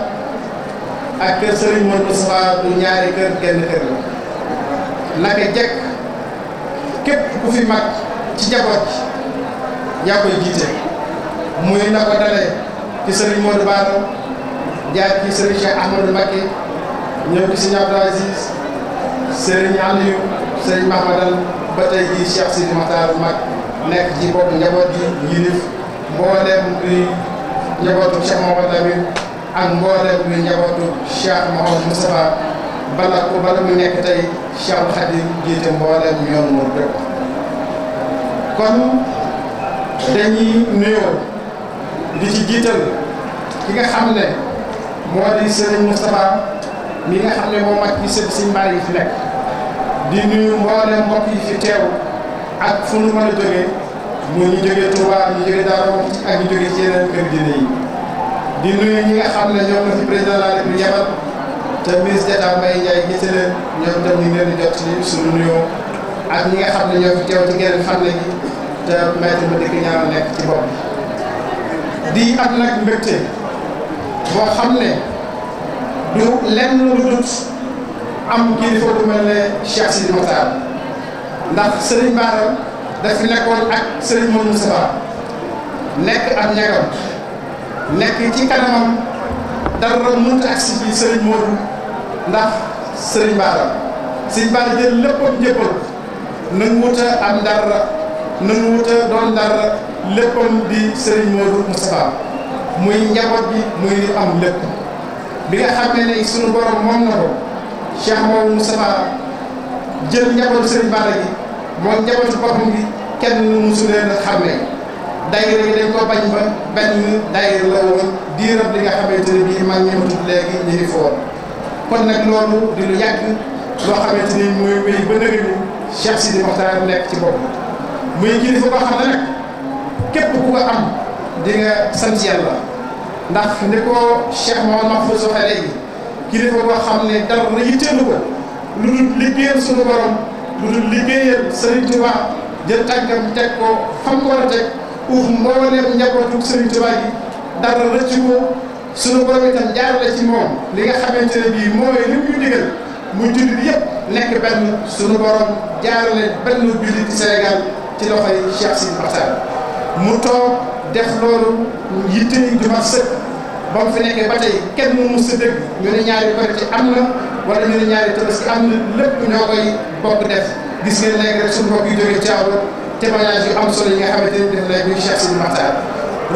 D: ak kër Serigne Modou Moustapha du ñaari kër genn kër la naka jekk képp ku fi mag ci jaboot yaa koy jiite muy na ko dalee ci sëriñ Modou Bara jaar ci sëriñ Cheikh Ahmadou Mbacké ñëw ci sëriñ Abdou Aziz sëriñ Aliou sëriñ Mahmadal ba tey jii Cheikh Sidi Makhtar mag nekk ci bopp njaboot yi yilif mbooleem luy njabootu Cheikh Mouhamad Lamine ak mbooleem luy njabootu Cheikh Mouhamad Moustapha bala ko bala mu nekk tey Cheikh Khadim jiite mbooleem yoon moom rek kon dañuy nuyoo di ci jiital ki nga xam ne moo di Serigne Moustapha mi nga xam ne moo mag ci sëb Serigne Mbaye yi fi nekk di nuyu mboolem mbokk yi fi teew ak fu nu mën a jógee mu ñu jógee Touba ñu jógee Darou ak ñu jógee ci yeneen kër diine yi di nuyu xam ne ñoom la fi président de la République yabal te ministre d'État Mbaye Ndiaye jot ci suñu nuyoo ak ñi nga xam ne ñoo fi teew ci geneen xam ne te maître bi dëgg ñaar nekk ci bopp di am nag mbégte boo xam ne du lenn lu dut am kilifa bu mel ne Cheikh Sidi Makhtar ndax Serigne Bara daf nekkoon ak Serigne Modou Moustapha nekk ak ñagam nekk ci kanamam dara mënut ak si biir Serigne ndax Serigne Bara Serigne Bara jël léppam njëppal nanguwut a am dara. nañu wute doon dara léppam di Serigne Modou Moustapha muy njaboot bi muy li am lépp bi nga xam ne ni sunu borom moom na ko Cheikh Modou Moustapha jël njabootu Serigne Bara gi moom njabootu boppam gi kenn musu leen xam ne daayira gi dañ ko bañ ba benn daayira la woon diiram li nga xamante ne bii mag ñi ma tudd léegi ñu nag loolu di lu yàgg loo xamante ni muy wéy ba nëgënu Cheikh Sidi Mokhtar nekk ci bopp muy kilifa boo xam ne nag képp ku ko am di nga sant yàlla ndax ni ko Cheikh Mouhamed Mahfouz waxee léegi kilifa boo xam ne dara na yitteelu ko lu dul liggéeyal suñu borom lu dul liggéeyal Serigne Touba jël tànkam teg ko fam ko war a teg uuf mbooleem njabootu Serigne Touba gi dara rëcc ko suñu borom itam jaarale ci moom li nga xamante ne bii mooy li mu ñu digal mu jullit yëpp nekk benn suñu borom jaarale benn jullit ci Sénégal ci loxoy Cheikh Sidi Maxtaar mu toog def loolu yitte yi ju mat sëkk ba mu fi nekkee ba tey kenn mu mus a dégg ñu ne ñaari korite am wala ñu ne ñaari am na lépp ñoo koy bokk def gis ngeen léegi rek suñu mbokk yu jógee Thiaw témoignage yu am solo yi nga xamante ne def léegi ñu Cheikh Sidi Maxtaar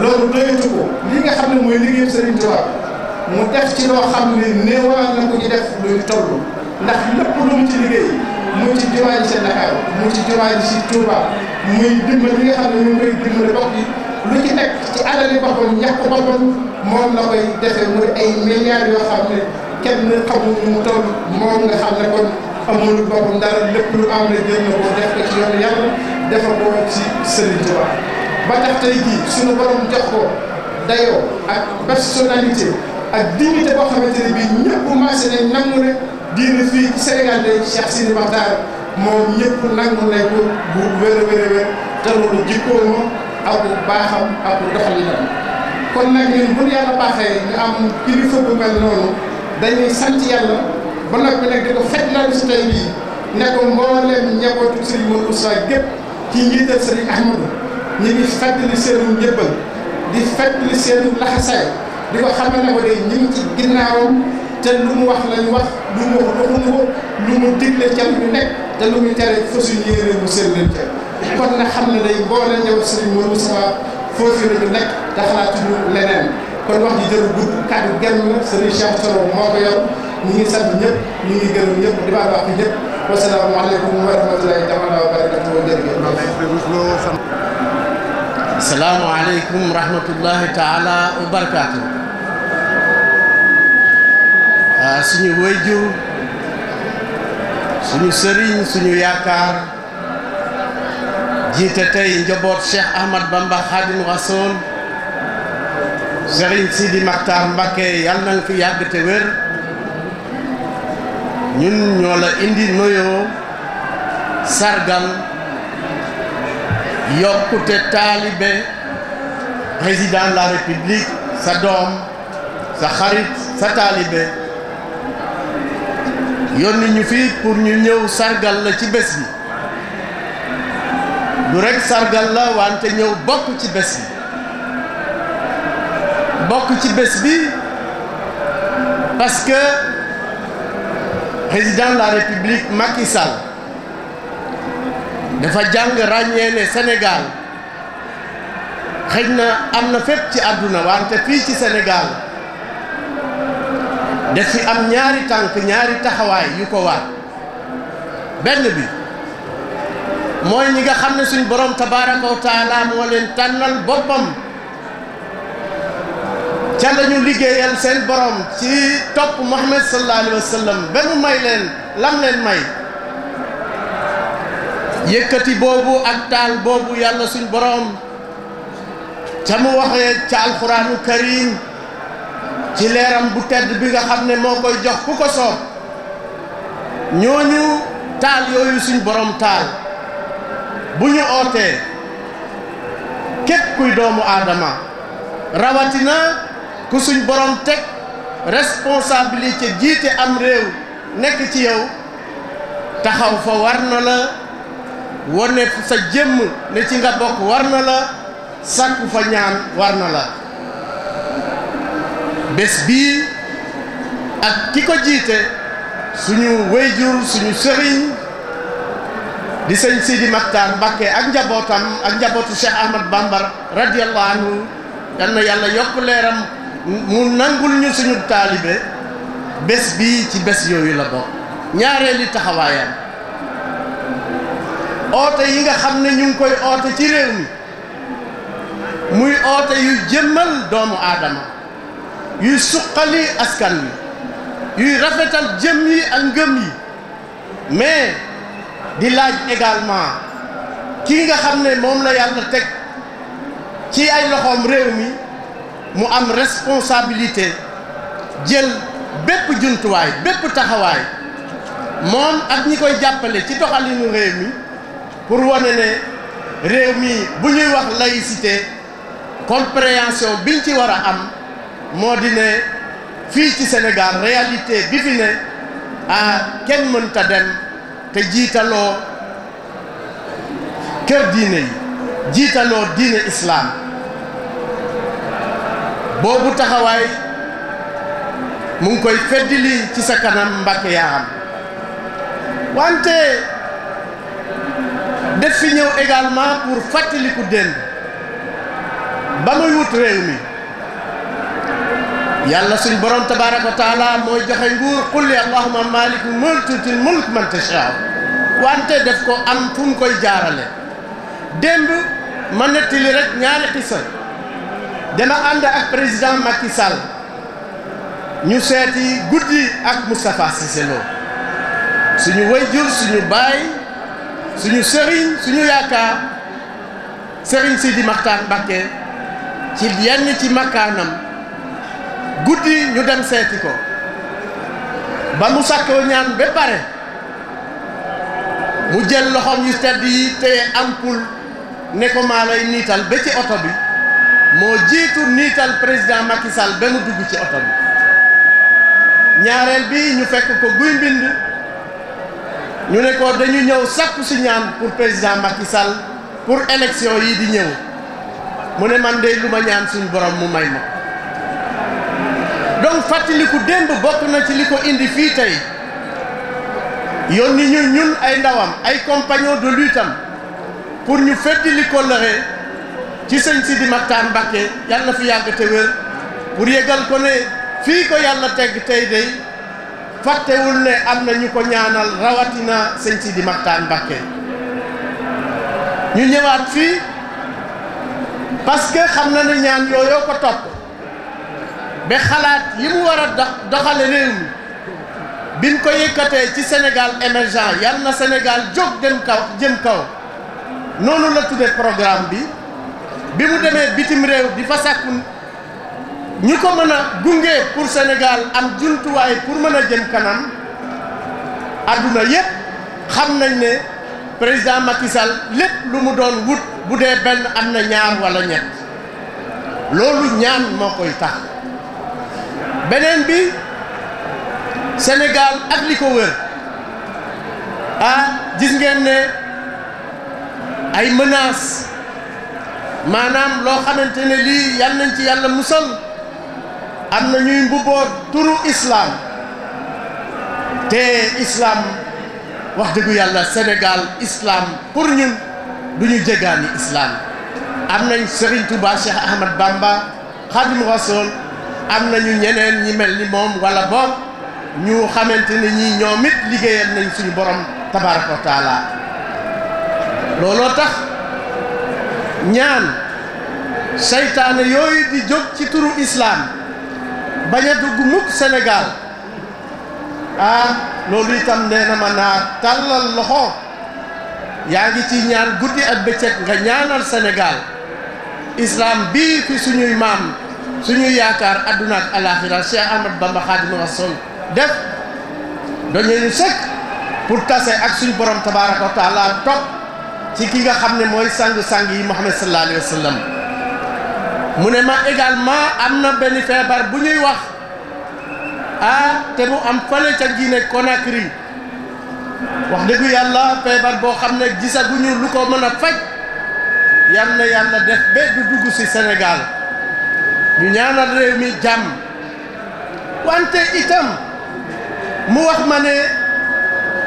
D: loolu doyatu ko li nga xam ne mooy liggéeyu Serigne Touba mu def ci loo xam ne néewaan na ko ñu def luy toll ndax lépp lu mu ci liggéey. muy ci jumaa ji seen Dakar muy ci jumaa ji si Touba muy dimbal yi xam ne ñu ngi koy dimbali bopp bi lu ci nekk ci alali boppam ñàkk boppam moom la koy yoo xam ne kenn xamul mu toll moom nga xam ne kon amul boppam dara lépp lu am la jël na ko def ko ci yoonu yàlla defa ko ci Sëriñ Tuubaa ba tax tey jii suñu borom jox ko dayoo ak personnalité ak dignité boo xamante ne bii ñëpp marché nañ nangu ne diine fii ci Sénégal de Cheikh Sidi Maxtaar moom ñëpp nangu nañ ko bu wér a wér a wér te loolu jikkoon ma ak baaxam ak kon nag ñun bu yàlla baaxee ñu am kilifa bu mel noonu dañuy sant yàlla ba nag bi nag di ko fekk laa si tey bii ne ko mbooleem njabootu Serigne Modou Sa gépp ci njiital Serigne Ahmadou ñu ngi fàttali seenu njëbbal di fàttali seenu laxasaay di ko xamal ne ko de ñu ngi ci ginnaawam. te lu mu wax lañ wax lu mu wax waxuñu ko lu mu digle ca lu nekk te lu muy tere fas yéene bu seen leen kon na xam ne day boole ñëw Serigne Modou Moustapha foofu la ñu nekk te xalaatuñu leneen kon wax ji jëru gudd kàddu genn la Serigne Cheikh Thioro moo ko yor ñu ngi sant ñëpp ñu ngi gërëm ñëpp di baal wax ñëpp wasalaamaaleykum wa rahmatulahi taala wa barakatuhu jërëjëf. salaamaaleykum rahmatullahi taala wa barakatuhu. Ah, suñu wëyjur suñu sëriñ suñu yaakaar jiite tey njaboot Cheikh Ahmad Bamba Xaadimu Rasuul sëriñ Sidi Maxtaar Mbakke yàlla na nga fi yàgg te wér ñun ñoo la indi noyoo sargal yokkute taalibe président la république sa doom sa xarit sa taalibe yónni ñu fii pour ñu ñëw sargal la ci bés bi du rekk sargal la wante ñëw bokk ci bés bi bokk ci bés bi parce que président de la république Macky dafa jàng ràññee ne Sénégal xëy na am na fépp ci àdduna wante fii ci senegaal daf ci am ñaari tànk ñaari taxawaay yu ko waat benn bi mooy ñi nga xam ne suñ borom tabaaraka wa taala moo leen tànnal boppam ca la ñu liggéeyal seen boroom ci topp Muhammad sallallahu alayhi wa sallam ba mu may leen lam leen may yëkkati boobu ak taal boobu yàlla suñ borom ca mu waxee ca alquraanu karim ci leeram bu tedd bi nga xam ne moo koy jox ku ko soob ñooñu taal yooyu suñ borom taal bu ñu ootee képp kuy doomu aadama rawatina ku suñ borom teg responsabilité jiite am réew nekk ci yow taxaw fa war na la wane sa jëmm ne ci nga bokk war na la sàkku fa ñaan war na la bés bii ak ki ko jiite suñu wéyjur suñu sëriñ di sëñ Sidi Maxtaar ak njabootam ak njabootu Cheikh Ahmad bàmbar radiyallahu anhu yàlla yokk leeram mu nangul ñu suñu taalibe bés bii ci bés yooyu la doo ñaareeli taxawaayam oote yi nga xam ne ñu ngi koy oote ci réew mi muy oote yu jëmmal doomu aadama yuy suqali askan wi yuy rafetal jëm yi ak ngëm yi mais di laaj également kii nga xam ne moom la yàlla teg ci ay loxoom réew mi mu am responsabilité jël bépp juntuwaay bépp taxawaay moom ak ñi koy jàppale ci doxalinu réew mi pour wane ne réew mi bu ñuy wax laïcité compréhension biñ ci war a am moo di ne fii ci Sénégal réalité bi fi ne ah kenn mënta dem te jiitaloo kër diine jiitaloo diine islaam boobu taxawaay mu ngi koy feddili ci sa kanam mbàkke yaram wante def fi ñëw également pour fàttaliku démb ba muy wut réew mi yàlla suñu borom tabaaraka wa taala mooy joxe nguur qulli allahuma maliku mulk tuutil mulk man tashaa wante def ko am fu koy jaarale démb ma nettali rek ñaari xisa dama ànd ak président Macky sal ñu seeti guddi ak Moustapha Cissé Lo suñu wayjur suñu baay suñu sëriñ suñu yaakaar sëriñ di Maxtaar Mbàkke ci yenn ci makkaanam guddi ñu dem seeti ko ba mu sàkkoo ñaan ba pare mu jël loxoom yu tedd yi te ampul ne ko maa niital ba ci oto bi moo jiitu niital président Macky Sall ba mu dugg ci oto bi ñaareel bi ñu fekk ko guy mbind ñu ne ko dañu ñëw sàkku si ñaan pour président Macky Sall pour élection yi di ñëw mu ne man de lu ma ñaan suñu borom mu may ma donc fàttaliku démb bokk na ci li ko indi fii tey yónni ñun ñun ay ndawam ay compagnons de lutte am pour ñu feddali kóllëre ci sëñ Sidi Maxtaar Mbàkke yàlla na fi yàgg te wér pour yëgal ko ne fii ko yàlla tegg tey day fàttewul ne am na ñu ko ñaanal rawatina sëñ Sidi Maxtaar Mbàkke ñu ñëwaat fii parce que xam na ne ñaan yooyu ko topp ba xalaat yi mu war a doxale réew mi biñ ko yëkkatee ci Sénégal émergent yal na senegaal jóg dem kaw jëm kaw noonu la tudde programme bi bi mu demee bitim réew bi fa sàkku ñu ko mën a gunge pour senegaal am jumtuwaay pour mën a jëm kanam adduna yépp xam nañ ne président Macky Sall lépp lu mu doon wut bu dee benn am na ñaar walla ñett loolu ñaan moo koy tax beneen bi Sénégal ak li ko wër ah gis ngeen ne ay menaces maanaam loo xamante ne lii yal nañ ci yàlla musal am na ñuy mbubboo turu islam te islam wax dëggu yàlla senegaal islaam pour ñun du ñu jéggaani islam am nañ Serigne Touba Cheikh Ahmad Bamba Khadim Rassoul am na ñu ñeneen ñi mel ni moom wala boog ñu xamante ne ñii ñoomit it liggéeyal nañ suñu borom tabaraka wa taala looloo tax ñaan seytaane yooyu di jóg ci turu islaam bañ a gu mukk Sénégal ah loolu itam nee na ma naa tàllal loxo yaa ngi ci ñaan guddi ak bëccëg nga ñaanal Sénégal islaam bii fi suñuy maam suñu yaakaar adduna ak alaxira Cheikh Ahmad Bamba Xaadimu Rasuul def dañu ñu sëkk pour tase ak suñu borom tabaaraka wa taala topp ci ki nga xam ne mooy sàng sàng yi Muhammad sallallahu alayhi mu ne ma également am na benn feebar bu ñuy wax ah te mu am fële ca Guinée Conakry wax dëgg yàlla feebar boo xam ne gisaguñu lu ko mën a faj yal na yàlla def ba du dugg si senegaal ñu ñaanal réew mi jàmm wante itam mu wax ma ne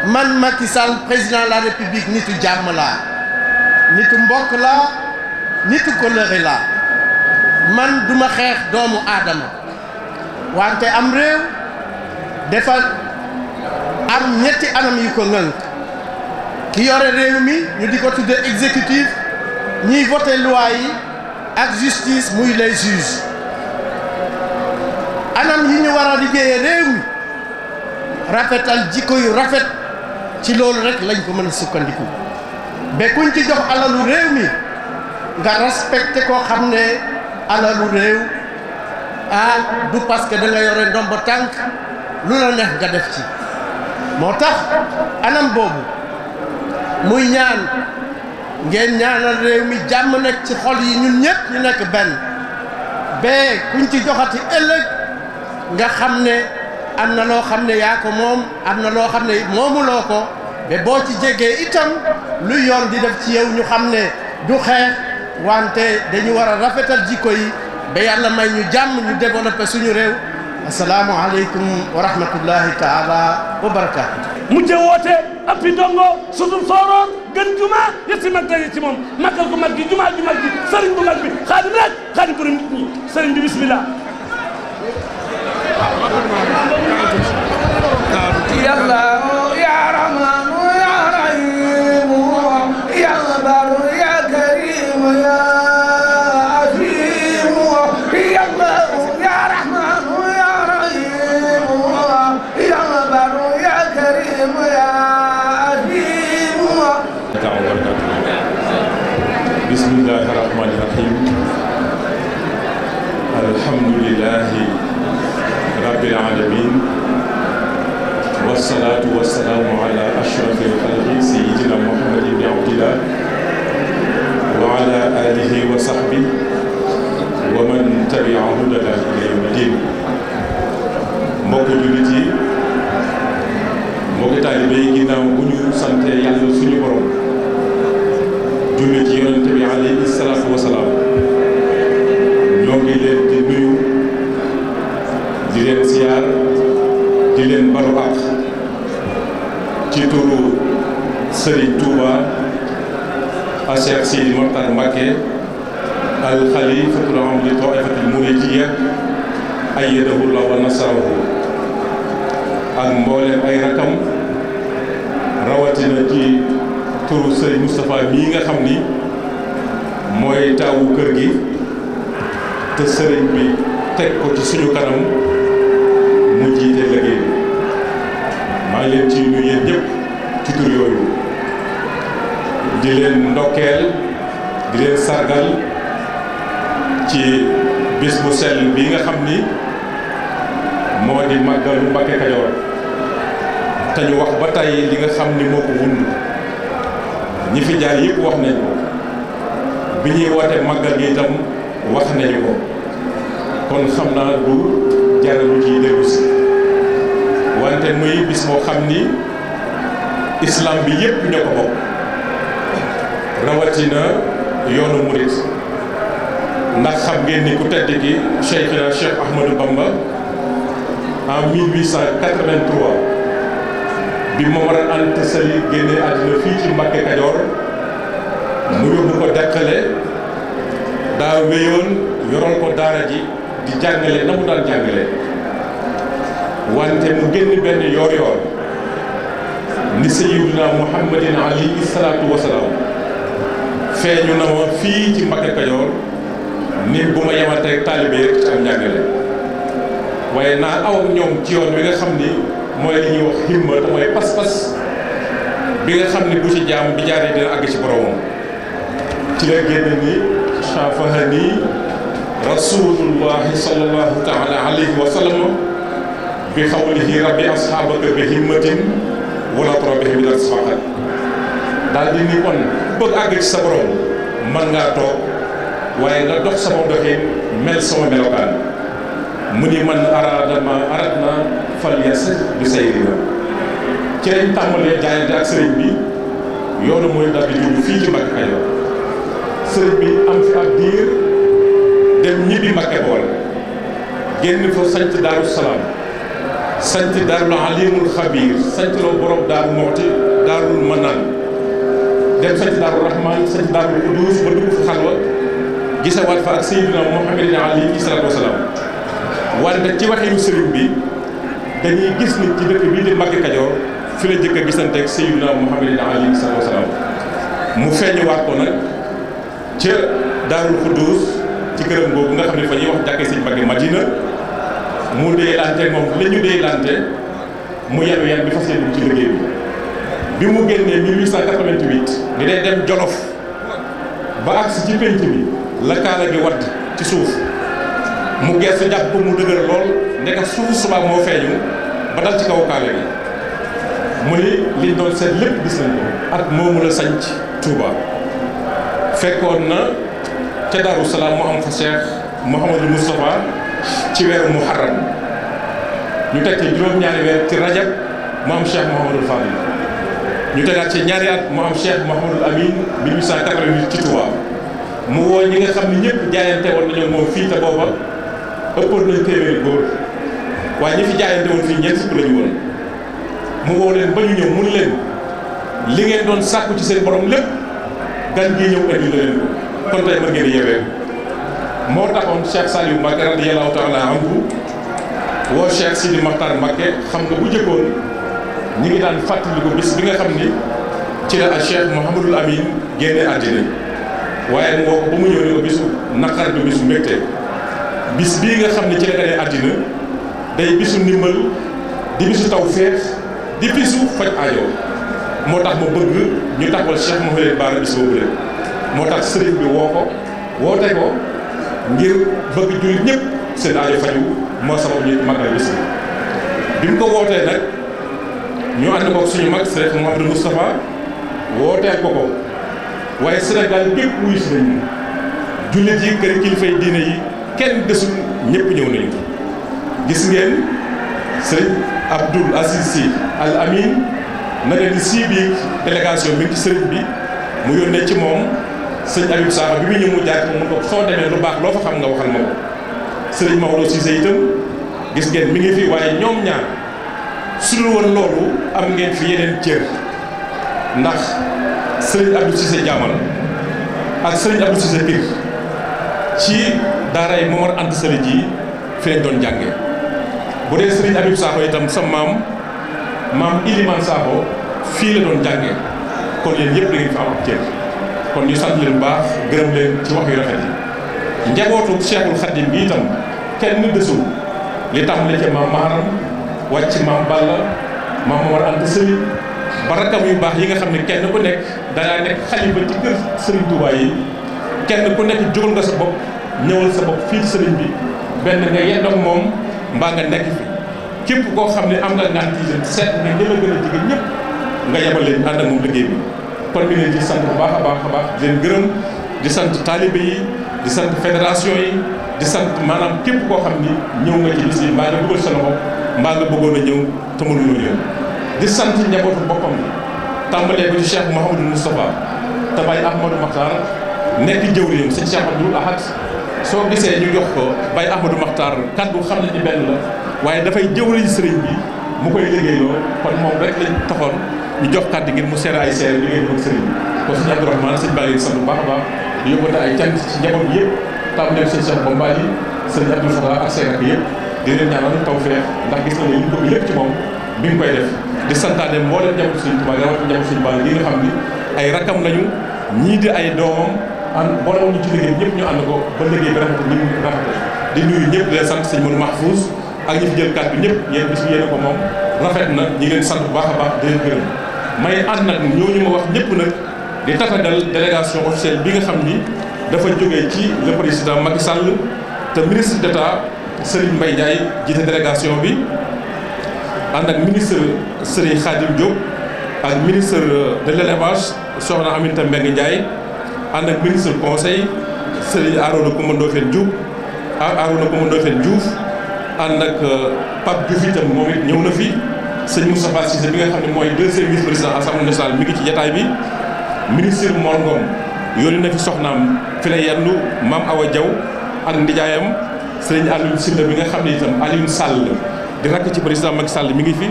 D: man Macky Sall président la république nitu jàmm laa nitu mbokk laa nitu kóllëre la man duma xeex doomu aadama wante am réew dafa am ñetti anam yu ko ŋënk ki yore réew mi ñu di ko tuddee exécutif ñiy voté loi yi ak justice muy les juges anam yi ñu war a liggéeyee réew mi rafetal jikko yu rafet ci loolu rek lañ ko mën a sukkandiku ba kuñ ci jox alalu réew mi nga respecté koo xam ne alalu réew ah du parce que da nga yore ndombo tànk lu la neex nga def ci moo tax anam boobu muy ñaan ngeen ñaanal réew mi jàmm nekk ci xol yi ñun ñëpp ñu nekk benn ba kuñ ci joxati ëllëg nga xam ne am na loo xam ne yaako moom am na loo xam ne moomuloo ko be boo ci jegee itam lu yoon di def ci yow ñu xam ne du xeex wante dañu war a rafetal jikko yi ba yàlla may ñu jàmm ñu développé
G: suñu réew asalaamu aleykum wa rahmatullahi taala wa barakaatu mujje woote appi dongo susum sooroon gën juma yetti mag daje ci moom magal bu mag gi jumaa ju mag gi sëriñ bu mag bi xaadim rek xaadim borom nit ñi sëriñ bi bismillah yàlla
H: wa sahbi wa man tabi'ahum lana ila yawmi din mbokk jullit yi mbokk taalibe ginnaaw bu ñu sante yàlla suñu borom jullit yi yonente bi salaatu wa ñoo ngi leen di nuyu di leen siyaar di leen baru àq ci turu Serigne Touba a Cheikh Sidi Mokhtar alxalifatul am li taifatil muridiyya ayyadahu llah wa nasarahu ak mbooleem ay rakam rawatina ci turu sëriñ Moustapha mii nga xam ni mooy taawu kër gi te sëriñ bi teg ko ci suñu kanam mu jiite liggéey maa ngi leen ci nuyu yéen ñëpp ci tur yooyu di leen ndokkeel di leen sargal ci bis bu sell bi nga xam ni moo di màggalu Mbàkke Kajoor te ñu wax ba tey li nga xam ni moo ko wund ñi fi jaar yëpp wax nañ bi ñuy woote màggal gi itam wax nañu ko kon xam naa du jaralu ciy déglu si wante muy bis moo xam ni islam bi yëpp ñoo ko bokk rawatina yoonu murit ndax xam ngeen ni ku tedd gi Cheikhina Cheikh Ahmadou Bamba en 1883 bi Momar Anta Sali génnee àddina fii ci Mbacke Kajoor mu yóbbu ko deqale daa wéyoon yoral ko daara ji di jàngale na mu daan jàngale wante mu génn benn yoor yoor ni sayyidina Muhammadin alayhi salaatu wasalaam feeñu na ma fii ci Mbacke Kajoor nit bu ma yemanteeg taalibe rek ci am njàngale waaye naa aw ñoom ci yoon bi nga xam ni mooy li ñuy wax himma te mooy pas-pas bi nga xam ni bu ci jaam bi jaaree dina àgg ci boromam ci la génn ni saafahani rasulullahi sallallahu taala alayhi wa sallam bi xawlihi rabbi asxaabaka bi himmatin wala trobi bi daal di ni kon bëgg àgg ci sa borom mën ngaa toog waaye nga dox sama doxin mel sama melokaan mu ni man aradama arat na fal yas du say riba ci lañ tàmbalee jaayante ak sëriñ bi yoonu mooy dal di dugg fii ci Mbacke Kajoor sëriñ bi am fi ab diir dem ñibbi Mbacke Bawol génn fa sant Daaru Salaam sant Daarul Alimul Xabiir sant loo borom Daaru Moxti Daarul Manaan dem sant Daaru Rahmaan sant Daarul Udus ba dugg fa xalwa gisawaat fa ak Seydina Muhammadin alayhi salaatu wasalaam wante ci waxinu sëriñ bi dañuy gis nit ci dëkk bi di Mbàkke Kajoor fi la jëkk gisante ak Seydina Muhammadin alayhi salaatu wasalaam mu feeñuwaat ko nag ca Daarul Xudduus ci këram boobu nga xam ne fa ñuy wax jàkkee sëñ Mbàkke Madina mu déylante moom la ñu déylante mu yanu yan bi fas yéene ci liggéey bi bi mu génnee ni day dem Jolof ba agsi ci pénc bi la kaala gi wadd ci suuf mu geesu jàpp ko mu dëgër lool ndeka suuf subaa moo feeñu ba dal ci kaw kaala gi mu ni liñ doon seet lépp gis nañ ko at moomu la sanc Touba fekkoon na ca Daaru Salaam mu am fa Cheikh Mouhamadou Moustapha ci weeru Muharram ñu teg ci juróom-ñaari weer ci rajab mu am Cheikh Mouhamadou Fadil ñu tegaat ci ñaari at mu am Cheikh Mouhamadou Amine 1888 ci Touba mu woo ñi nga xam ni ñëpp jaayante woon nañoo moom fii te booba ëppoon nañ téeméeri góor waaye ñi fi jaayante woon fii ñeent fukk la woon mu woo leen ba ñu ñëw mun leen li ngeen doon sàkku ci seen borom lépp gan gi ñëw andi la leen ko kon tey mën ngeen a moo taxoon Cheikh Saliou Mbacké radiyallahu taala anhu woo Cheikh Sidi Makhtar Mbacké xam nga bu jëkkoon ñi ngi daan fàttaliku bis bi nga xam ni ci la Cheikh Mouhamadul Amin génne àddina waaye mu wax mu ñëw ne ko bisu naqar bi bisu mbégte bis bii nga xam ne ci la gane àddina day bisu ndimbal di bisu taw feex di bisu faj ajo moo tax mu bëgg ñu taxawal Cheikh Mouhamed Bara bis boobu leen moo tax sëriñ bi woo ko woote ko ngir bëgg jullit ñëpp seen aajo faju moo sabab ñu magal bis bi mu ko wootee nag ñu ànd ko suñu mag Cheikh Mouhamadou Moustapha wootee ko ko waaye Sénégal bépp wuyu si nañu jullit yi kër kilifay diine yi kenn desul ñëpp ñëw nañu gis ngeen sëriñ Abdoul Aziz Al Amin na leen si biir délégation bi ci sëriñ bi mu yónnee ci moom sëñ Habib Sakho bi mu ñëw mu jaar mu soo demee lu baax loo fa xam nga waxal ma ko sëriñ Maodo Cissé itam gis ngeen mi ngi fi waaye ñoom ñaar su dul loolu am ngeen fi yeneen cër ndax. sëriñ Abdou Cissé Jaamal ak sëriñ Abdou Cissé Pire ci daaray Momar Anta Sali ji fi lañ doon jànge bu dee sëriñ Abib Sakho itam sa maam maam Iliman Sakho fii la doon jànge kon yéen yëpp da fa am ak cër kon ñu sant leen baax gërëm leen ci wax yu rafet yi njabootu Cheikhul Khadim bi itam kenn desul li tax la ca maam Maharam wàcc maam Balla maam Momar Anta Sali ba rakkam yu baax yi nga xam ne kenn bu nekk dangaa nekk xalifa ci kër sëriñ Touba yi kenn bu nekk jógal nga sa bopp ñëwal sa bopp fii ci bi benn nga yendoog moom mbaa nga nekk fi képp koo xam ne am nga ngaan ci leen seet nga ñëla gën a jigéen ñëpp nga yebal leen ànd moom liggéey bi kon ñu leen di sant bu baax a baax a di leen gërëm di sant taalibe yi di sant fédération yi di sant maanaam képp koo xam ni ñëw nga ci bis yi mbaa nga bëggal sa bëggoon a ñëw te di sant njabootu boppam bi tàmbalee ko ci Cheikh Mouhamadou Moustapha te bàyyi Ahmadou Makhtar nekk jëwriñam sëñ Cheikh Abdoul Ahad soo gisee ñu jox ko bàyyi Ahmadou Makhtar kaddu xam ne ni benn la waaye dafay jëwriñ sëriñ bi mu koy liggéeyloo kon moom rek lañ taxoon ñu jox kaddu ngir mu seere ay seere liggéey ak sëriñ bi kon sëñ Abdourahmane sëñ Bàyyi sant bu baax a baax di ay cant ci njaboot bi yëpp tàmbalee sëñ Cheikh Bamba yi sëñ Abdoul Fatah ak seen ak yëpp di leen ñaanal tawfeex ndax gis na bi mu koy def di santaane mboolem njabootu Sëriñ Tuubaa rawati njabootu Sëriñ Tuubaa nga xam ni ay rakam lañu ñii di ay doomam an boole woon ñu ci liggéey ñëpp ñu ànd ko ba liggéey bi di nuyu ñëpp di leen sant sëñ Mouhamadou Mahfouz ak ñi fi ñëpp yéen bis bi ko moom rafet na ñi leen sant bu baax a baax di leen gërëm may ànd nag ñooñu ma wax ñëpp nag di tatagal délégation officielle bi nga xam ni dafa jógee ci le président Macky Sall te ministre d'État Serigne Mbaye Ndiaye jiite délégation bi ànd ak ministre Serigne Khadim Diop ak ministre de l'élevage soxna Aminata Mbengue Ndiaye ànd ak ministre conseil Serigne Arouna Coumba Ndoffène Diouf ak Arouna Coumba Ndoffène Diouf ànd ak euh, Pape Diouf tam moom it ñëw na fi sëñ Moustapha Cissé bi nga xam ne mooy deuxième vice président assemblée nationale mi ngi ci jataay bi ministre Mor Ngom yónni na fi soxnaam fi la yendu Mame Awa Diaw ak ndijaayam Serigne Alioune Sylla bi nga xam ne itam Alioune Sall di rakk ci président Macky Sall mi ngi fi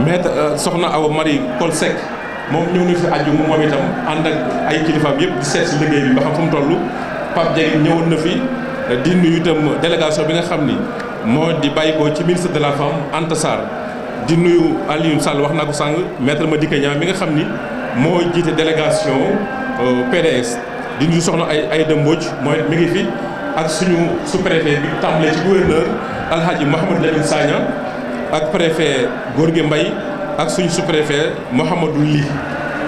H: maître euh, soxna aw Marie Coll Seck moom ñëw na fi aju moom itam ànd ak ay kilifaam yëpp di seet si liggéey bi ba xam fu mu toll Pape Dieng ñëwoon na fi euh, di itam délégation bi nga xam ni moo di bàyyi ko ci ministre de la femme Anta di nuyu Alioune Sall wax naa ko sàng maître Madické Niang mi nga xam ni moo jiite délégation euh, PDS di nuyu soxna ay ay Aïda Mbodj mooy mi ngi fi ak suñu su préfet bi tàmbalee ci gouverneur alhaji Mouhamadou Lamine Sagna ak góor gi mbay ak suñu sous-préfet Mouhamadou Ly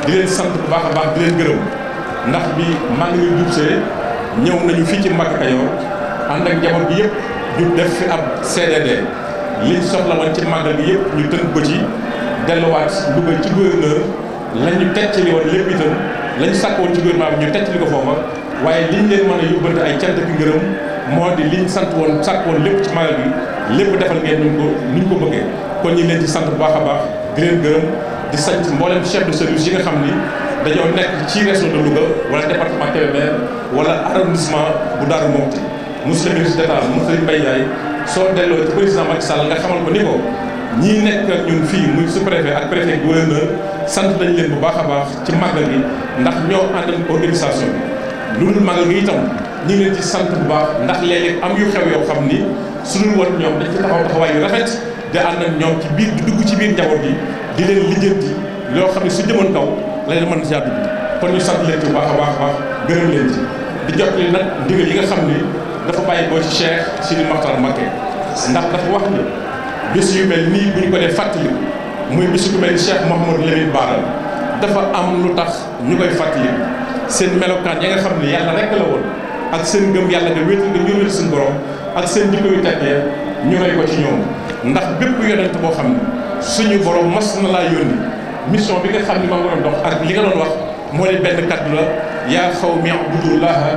H: di leen sant bu baax di leen gërëm ndax bi maa ngi leen ñëw nañu fii ci Mbacke Kajoor ànd ak njaboot gi yëpp ñu def fi ab CDD liñ soxla woon ci màggal gi yëpp ñu tënk ko ci delluwaat dugal ci gouverneur la ñu teccali woon lépp itam la ñu sàkk woon ci gouvernement bi ñu teccali ko foofa waaye liñ leen mën a yóbbante ay cant ki ngërëm moo di liñ sant woon sàkk woon lépp ci magal bi lépp defal ngeen ñu ko ni ko bëggee kon ñu leen ci sant bu baax a baax di leen gërëm di sant mboolem chef de service yi nga xam ni dajoo nekk ci région de Louga wala département Kébémer wala arrondissement bu Darou Mouhty monsieur le ministre d'État monsieur Mbaye Ndiaye soo delloo ci président Macky Sall nga ni ko ñii nekk fii muy sous-préfet ak sant nañ leen bu baax a baax ci màggal gi ndax ñoo àndal organisation bi loolu màggal gi itam ñu ngi ci sant bu baax ndax léeg am yu xew yow xam ni suñu woon ñoom dañ ci taxaw taxawaay yu rafet di ànd ak ñoom ci biir di dugg ci biir njaboot gi di leen lijjanti loo xam ne su jëmoon kaw la leen mën caa dugg kon ñu sant leen ci bu baax a baax a leen ci di jot li nag ndigal yi nga xam ni dafa bàyyi boo ci si Sidi Makhtar Mbacké ndax dafa wax ni bés yu mel nii bu ñu ko dee fàttali muy bés yu mel ni Cheikh Mouhamadou Lamine Bara dafa am lu tax ñu koy fàttali seen melokaan ya nga xam ne yàlla rek ak seen gëm yàlla te wéetal nga ñëwal suñu borom ak seen jikko yu teggee ñu roy ko ci ñoom ndax bépp yonent boo xam ne suñu borom mas na laa yónni mission bi nga xam ne maa ngi dox ak li nga doon wax moo di benn kàddu la yaa xaw mi abudullaha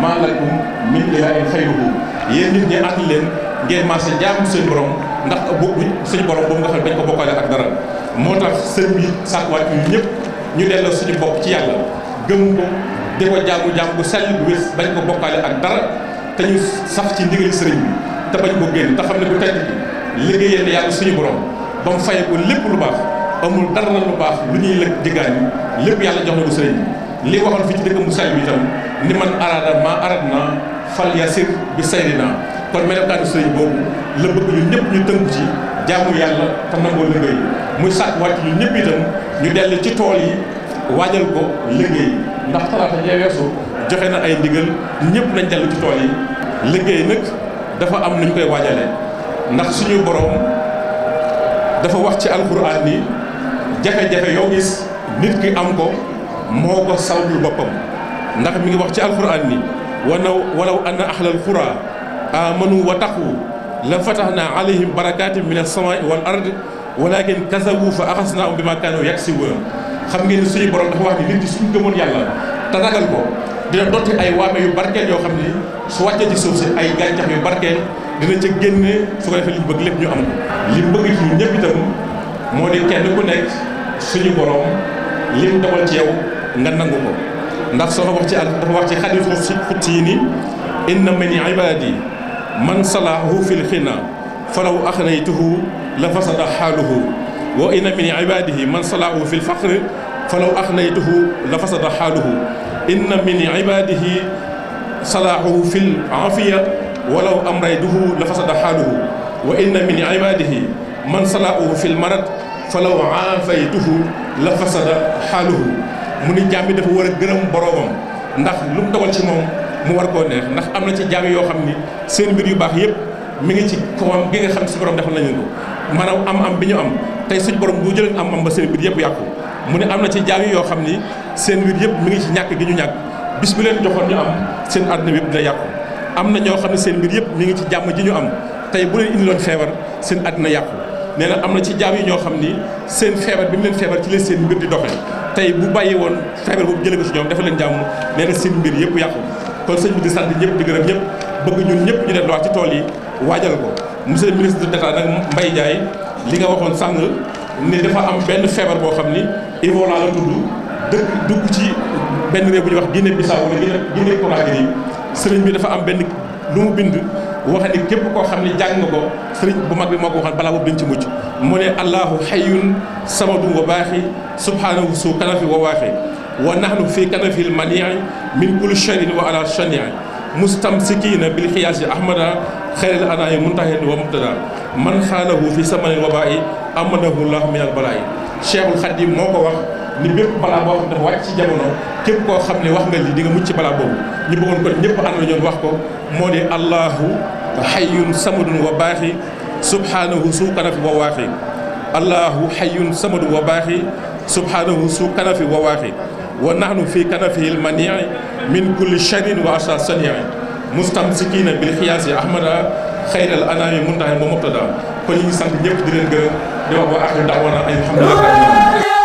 H: maa lakum min ilaahin xayruhu yéen nit ñi ànd leen ngeen marché jaamu seen borom ndax bu suñu borom boobu nga xam ne dañ ko bokkale ak dara moo tax seen bi sàkkuwaat yu ñëpp ñu delloo suñu bopp ci yàlla di ko jaamu jaamu bu sell bu wér bañ ko bokkaale ak dara te ñu saf ci ndigali sëriñ bi te bañ ko génn te xam ne bu tedd liggéeyal na yàlla suñu borom ba mu fayee ko lépp lu baax amul dara lu baax lu ñuy lëkk diggaan yi lépp yàlla jox na ko sëriñ bi li waxoon fi ci dëkk mu sell bi itam ni man arada ma arad na fal yasir bi sayri naa kon melokaanu sëriñ boobu la bëgg ñun ñëpp ñu tënku ci jaamu yàlla te nangoo liggéey muy sàkk wàcc ñun ñëpp itam ñu ci tool yi waajal ko liggéey ndax talaata jee weesu joxe na ay ndigal ñëpp nañ dellu ci tool yi liggéey nag dafa am nuñ koy waajale ndax suñu boroom dafa wax ci alxuraan ni jafe-jafe yow gis nit ki am ko moo ko sawlul boppam ndax mi ngi wax ci alxuraan ni wanaw walaw anna ahlal qura amanu wa taqu la fatahna alayhim barakatin min as-samai wal ard walakin kasabu fa axasnaahum bima kaanu yaksibuun xam ngeen ne suñu borom dafa wax ni nit ñi suñu gëmoon yàlla te ragal ko dina dotti ay waame yu barkeel yoo xam ni su wàccee ci suuf si ay gàncax yu barkeel dina ca génne su ko defee li bëgg lépp ñu am li bëgg ci ñun ñëpp itam moo di kenn ku nekk suñu borom li mu dogal ci yow nga nangu ko ndax soo wax ci al dafa wax ci xadis xuf si xut yi ni inna min ibadi man salaahu fil xina falaw axraytuhu la fasada xaaluhu wa inna min ibadihi man salaahu fi lfaqri falaw axnaytuhu la fasada xaaluhu inna min ibadihi salaahu fi lafiya walaw amraytuhu la fasada xaaluhu wa inna min ibadihi man salaahu fi lmarad falaw aafaytuhu la fasada xaaluhu mu ni jaam bi dafa war a gërëm boroomam ndax lu mu dogal ci moom mu war koo neex ndax am na ci jaam yoo xam ni seen mbir yu baax yëpp mu ngi ci kawam gi nga xam si borom defal nañu ko maanaam am-am bi ñu am tey suñ borom bu jëlee am am ba seen biir yëpp yàqu ne am na ci jaam yoo xam ni seen biir yëpp mi ngi ci ñàkk gi ñu ñàkk bis bi leen joxoon ñu am seen àdduna bi yëpp am na ñoo xam ne seen biir yëpp mi ngi ci jàmm ji ñu am tey bu leen feebar seen àdduna yàqu nee na am na ci jaam yi ñoo xam ni seen feebar bi mu leen feebar ci leen seen mbir di doxee tey bu bàyyi woon feebar boobu jëlee ko ñoom dafa leen jàmm nee na seen mbir yëpp yàqu kon sëñ bi di sant ñëpp di gërëm ñëpp bëgg ñun ñëpp ñu delluwaat ci tool yi waajal ko monsieur le ministre d'État nag Mbaye Ndiaye li nga waxoon sàng ni dafa am benn feebar boo xam ni Ebola la tudd dëkk dugg ci benn réew bu ñuy wax Guinée Bissau wala Guinée Conakry yi sëriñ bi dafa am benn lu mu bind waxe ni képp koo xam ni jàng nga ko sëriñ bu mag bi moo ko waxal balaa boobu dañ ci mucc mu ne allahu xayyun samadun wa baaxi subhanahu su kanafi wa waaxi wa nahnu fi kanafil manii min kulli sharin wa ala shanii mustamsikina bil xiyaasi ahmada xeyril anaayi muntahin wa mubtada man xaalahu fi samanin wabaa'i amadahu llahu min al balaa'i cheikhul xadim moo ko wax ni bépp balaa boo xam wàcc ci jamono képp koo xam ne wax nga lii di nga mucc balaa boobu ñu bëggoon ko ñëpp ànd la ñoon wax ko moo di allahu xayyun samadun wa baaxi subhaanahu suu kanafi wa waaxi allahu xayyun samadun wa baaxi subhaanahu suu kanafi wa waaxi wa nahnu fi kanafihi lmanii min kulli charin wa asa sanii mustamsikina bil xiyaasi ahmada xayral anaami muntahay ba mubtada kon ñu ngi sant ñëpp di leen gërëm di wax ba axir da'waana alhamdulilah